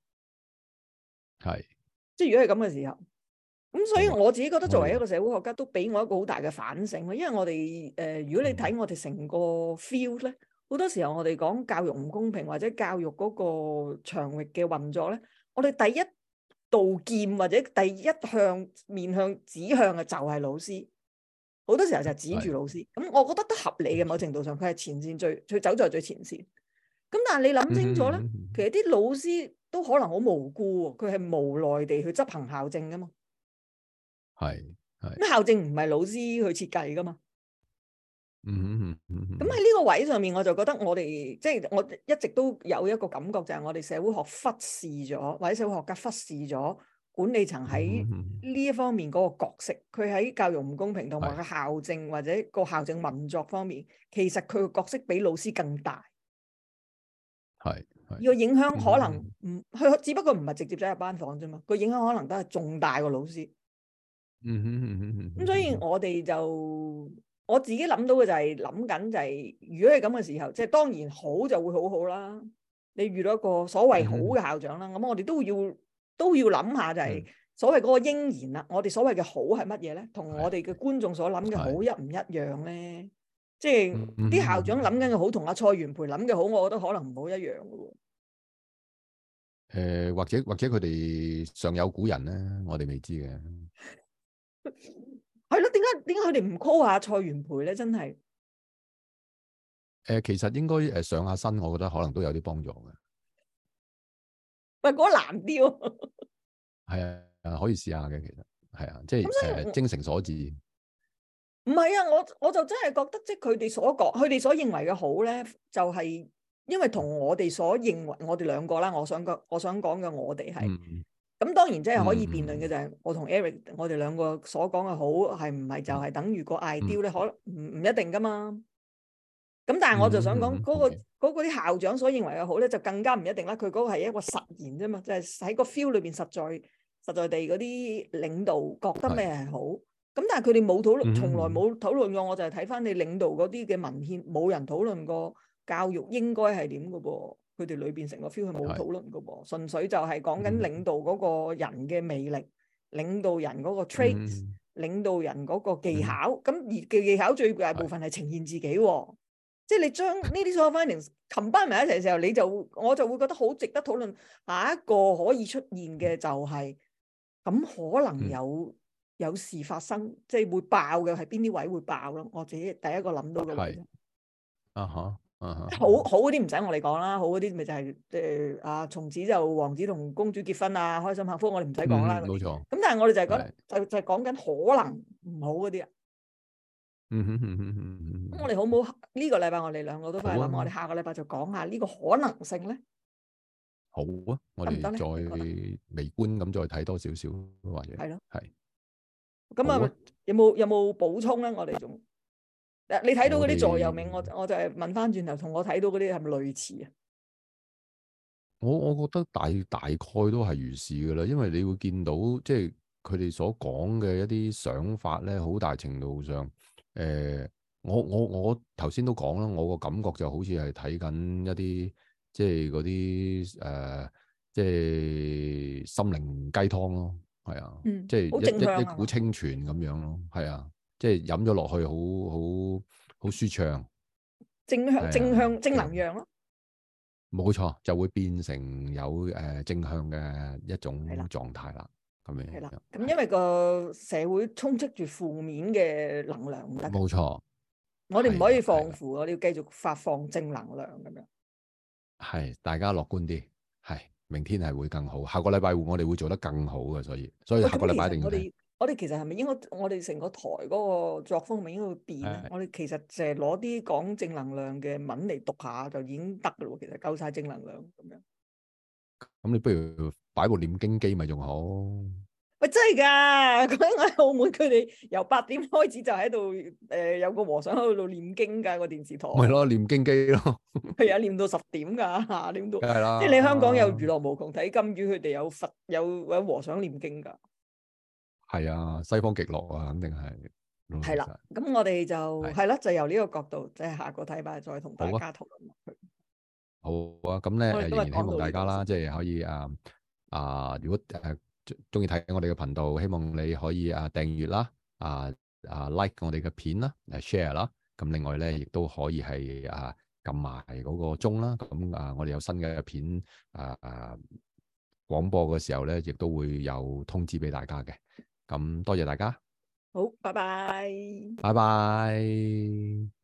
係。即係如果係咁嘅時候，咁所以我自己覺得作為一個社會學家，都俾我一個好大嘅反省。因為我哋誒、呃，如果你睇我哋成個 field 咧，好多時候我哋講教育唔公平或者教育嗰個場域嘅運作咧，我哋第一道劍或者第一向面向指向嘅就係老師。好多時候就指住老師，咁是的 我覺得都合理嘅某程度上，佢係前線最，佢走在最前線。咁但係你諗清楚咧，嗯、其實啲老師。都可能好無辜，佢係無奈地去執行校政噶嘛。係係，咩校政唔係老師去設計噶嘛？嗯嗯嗯嗯。咁喺呢個位上面，我就覺得我哋即係我一直都有一個感覺，就係我哋社會學忽視咗，或者社會學家忽視咗管理層喺呢一方面嗰個角色。佢喺教育唔公平同埋個校政或者個校政運作方面，其實佢個角色比老師更大。係。個影響可能唔佢、嗯、只不過唔係直接走入班房啫嘛，個影響可能都係重大過老師。嗯嗯哼咁所以我哋就我自己諗到嘅就係諗緊就係、是，如果係咁嘅時候，即係當然好就會好好啦。你遇到一個所謂好嘅校長啦，咁、嗯、哼我哋都要都要諗下就係、是嗯、所謂嗰個應然啦。我哋所謂嘅好係乜嘢咧？同我哋嘅觀眾所諗嘅好一唔一樣咧？即係啲、mm hmm。校長諗緊嘅好，同阿蔡元培諗嘅好，我覺得可能唔好一樣嘅喎。誒、呃，或者或者佢哋尚有古人咧，我哋未知嘅。係咯， 點解點解佢哋唔 call 下蔡元培咧？真係。誒、呃，其實應該誒上下身，我覺得可能都有啲幫助嘅。喂，嗰難啲。係 啊，可以試下嘅，其實係啊，即係誒精誠所至。唔係啊，我我就真係覺得，即係佢哋所講，佢哋所認為嘅好咧，就係、是、因為同我哋所認為，我哋兩個啦，我想講，我想講嘅我哋係。咁、嗯、當然即係可以辯論嘅就係、是，嗯、我同 Eric，我哋兩個所講嘅好係唔係就係等於個 idea 咧？嗯、可能唔唔一定㗎嘛。咁但係我就想講嗰、那個啲、那個、校長所認為嘅好咧，就更加唔一定啦。佢嗰個係一個實然啫嘛，即係喺個 feel 裏邊，實在實在地嗰啲領導覺得咩係好。咁但係佢哋冇討論，從來冇討論過。我就係睇翻你領導嗰啲嘅文獻，冇人討論過教育應該係點嘅噃。佢哋裏邊成個 feel 係冇討論嘅噃，純粹就係講緊領導嗰個人嘅魅力，領導人嗰個 traits，領導人嗰個技巧。咁而技巧最大部分係呈現自己喎，即係你將呢啲所有 findings combine 埋一齊嘅時候，你就我就會覺得好值得討論。下一個可以出現嘅就係咁可能有。有事發生，即係會爆嘅，係邊啲位會爆咯？我自己第一個諗到嘅位。係。啊哈，啊哈。好好嗰啲唔使我哋講啦，好嗰啲咪就係誒啊，從此就王子同公主結婚啊，開心幸福，我哋唔使講啦。冇錯。咁但係我哋就係講，就就係講緊可能唔好嗰啲啊。嗯嗯嗯嗯嗯。咁我哋好唔好，呢個禮拜，我哋兩個都翻嚟諗，我哋下個禮拜就講下呢個可能性咧。好啊，我哋再微觀咁再睇多少少或者係咯，係。咁啊，有冇有冇補充咧？我哋仲，你睇到嗰啲座右銘，我我就係問翻轉頭，同我睇到嗰啲係咪類似啊？我我覺得大大概都係如是噶啦，因為你會見到即係佢哋所講嘅一啲想法咧，好大程度上誒、呃，我我我頭先都講啦，我個感覺就好似係睇緊一啲即係嗰啲誒，即係心靈雞湯咯。係啊，即係一一股清泉咁樣咯，係啊，即係飲咗落去好好好舒暢，正向正向正能量咯，冇錯，就會變成有誒正向嘅一種狀態啦，咁樣，係啦，咁因為個社會充斥住負面嘅能量，冇錯，我哋唔可以放負，我哋要繼續發放正能量咁樣，係，大家樂觀啲，係。明天係會更好，下個禮拜會我哋會做得更好嘅，所以所以下個禮拜一定要。我哋我哋其實係咪是應該，我哋成個台嗰個作風咪應該會變咧？的我哋其實淨係攞啲講正能量嘅文嚟讀下就已經得噶咯，其實夠晒正能量咁樣。咁你不如擺部念經機咪仲好？喂，真係噶，佢喺澳門，佢哋由八點開始就喺度，誒，有個和尚喺度念經噶個電視台。咪咯，念經機咯，係啊，念到十點噶，念到。係啦。即係你香港有娛樂無窮，睇金魚，佢哋有佛，有搵和尚念經噶。係啊，西方極樂啊，肯定係。係啦，咁我哋就係啦，就由呢個角度，即係下個禮拜再同大家討論落去。好啊，咁咧，仍然希望大家啦，即係可以啊啊，如果誒。中意睇我哋嘅頻道，希望你可以啊訂閱啦，啊啊 like 我哋嘅片啦，嚟、啊、share 啦。咁另外咧，亦都可以係啊撳埋嗰個鐘啦。咁啊，我哋有新嘅片啊廣播嘅時候咧，亦都會有通知俾大家嘅。咁、啊、多謝大家，好，拜拜，拜拜。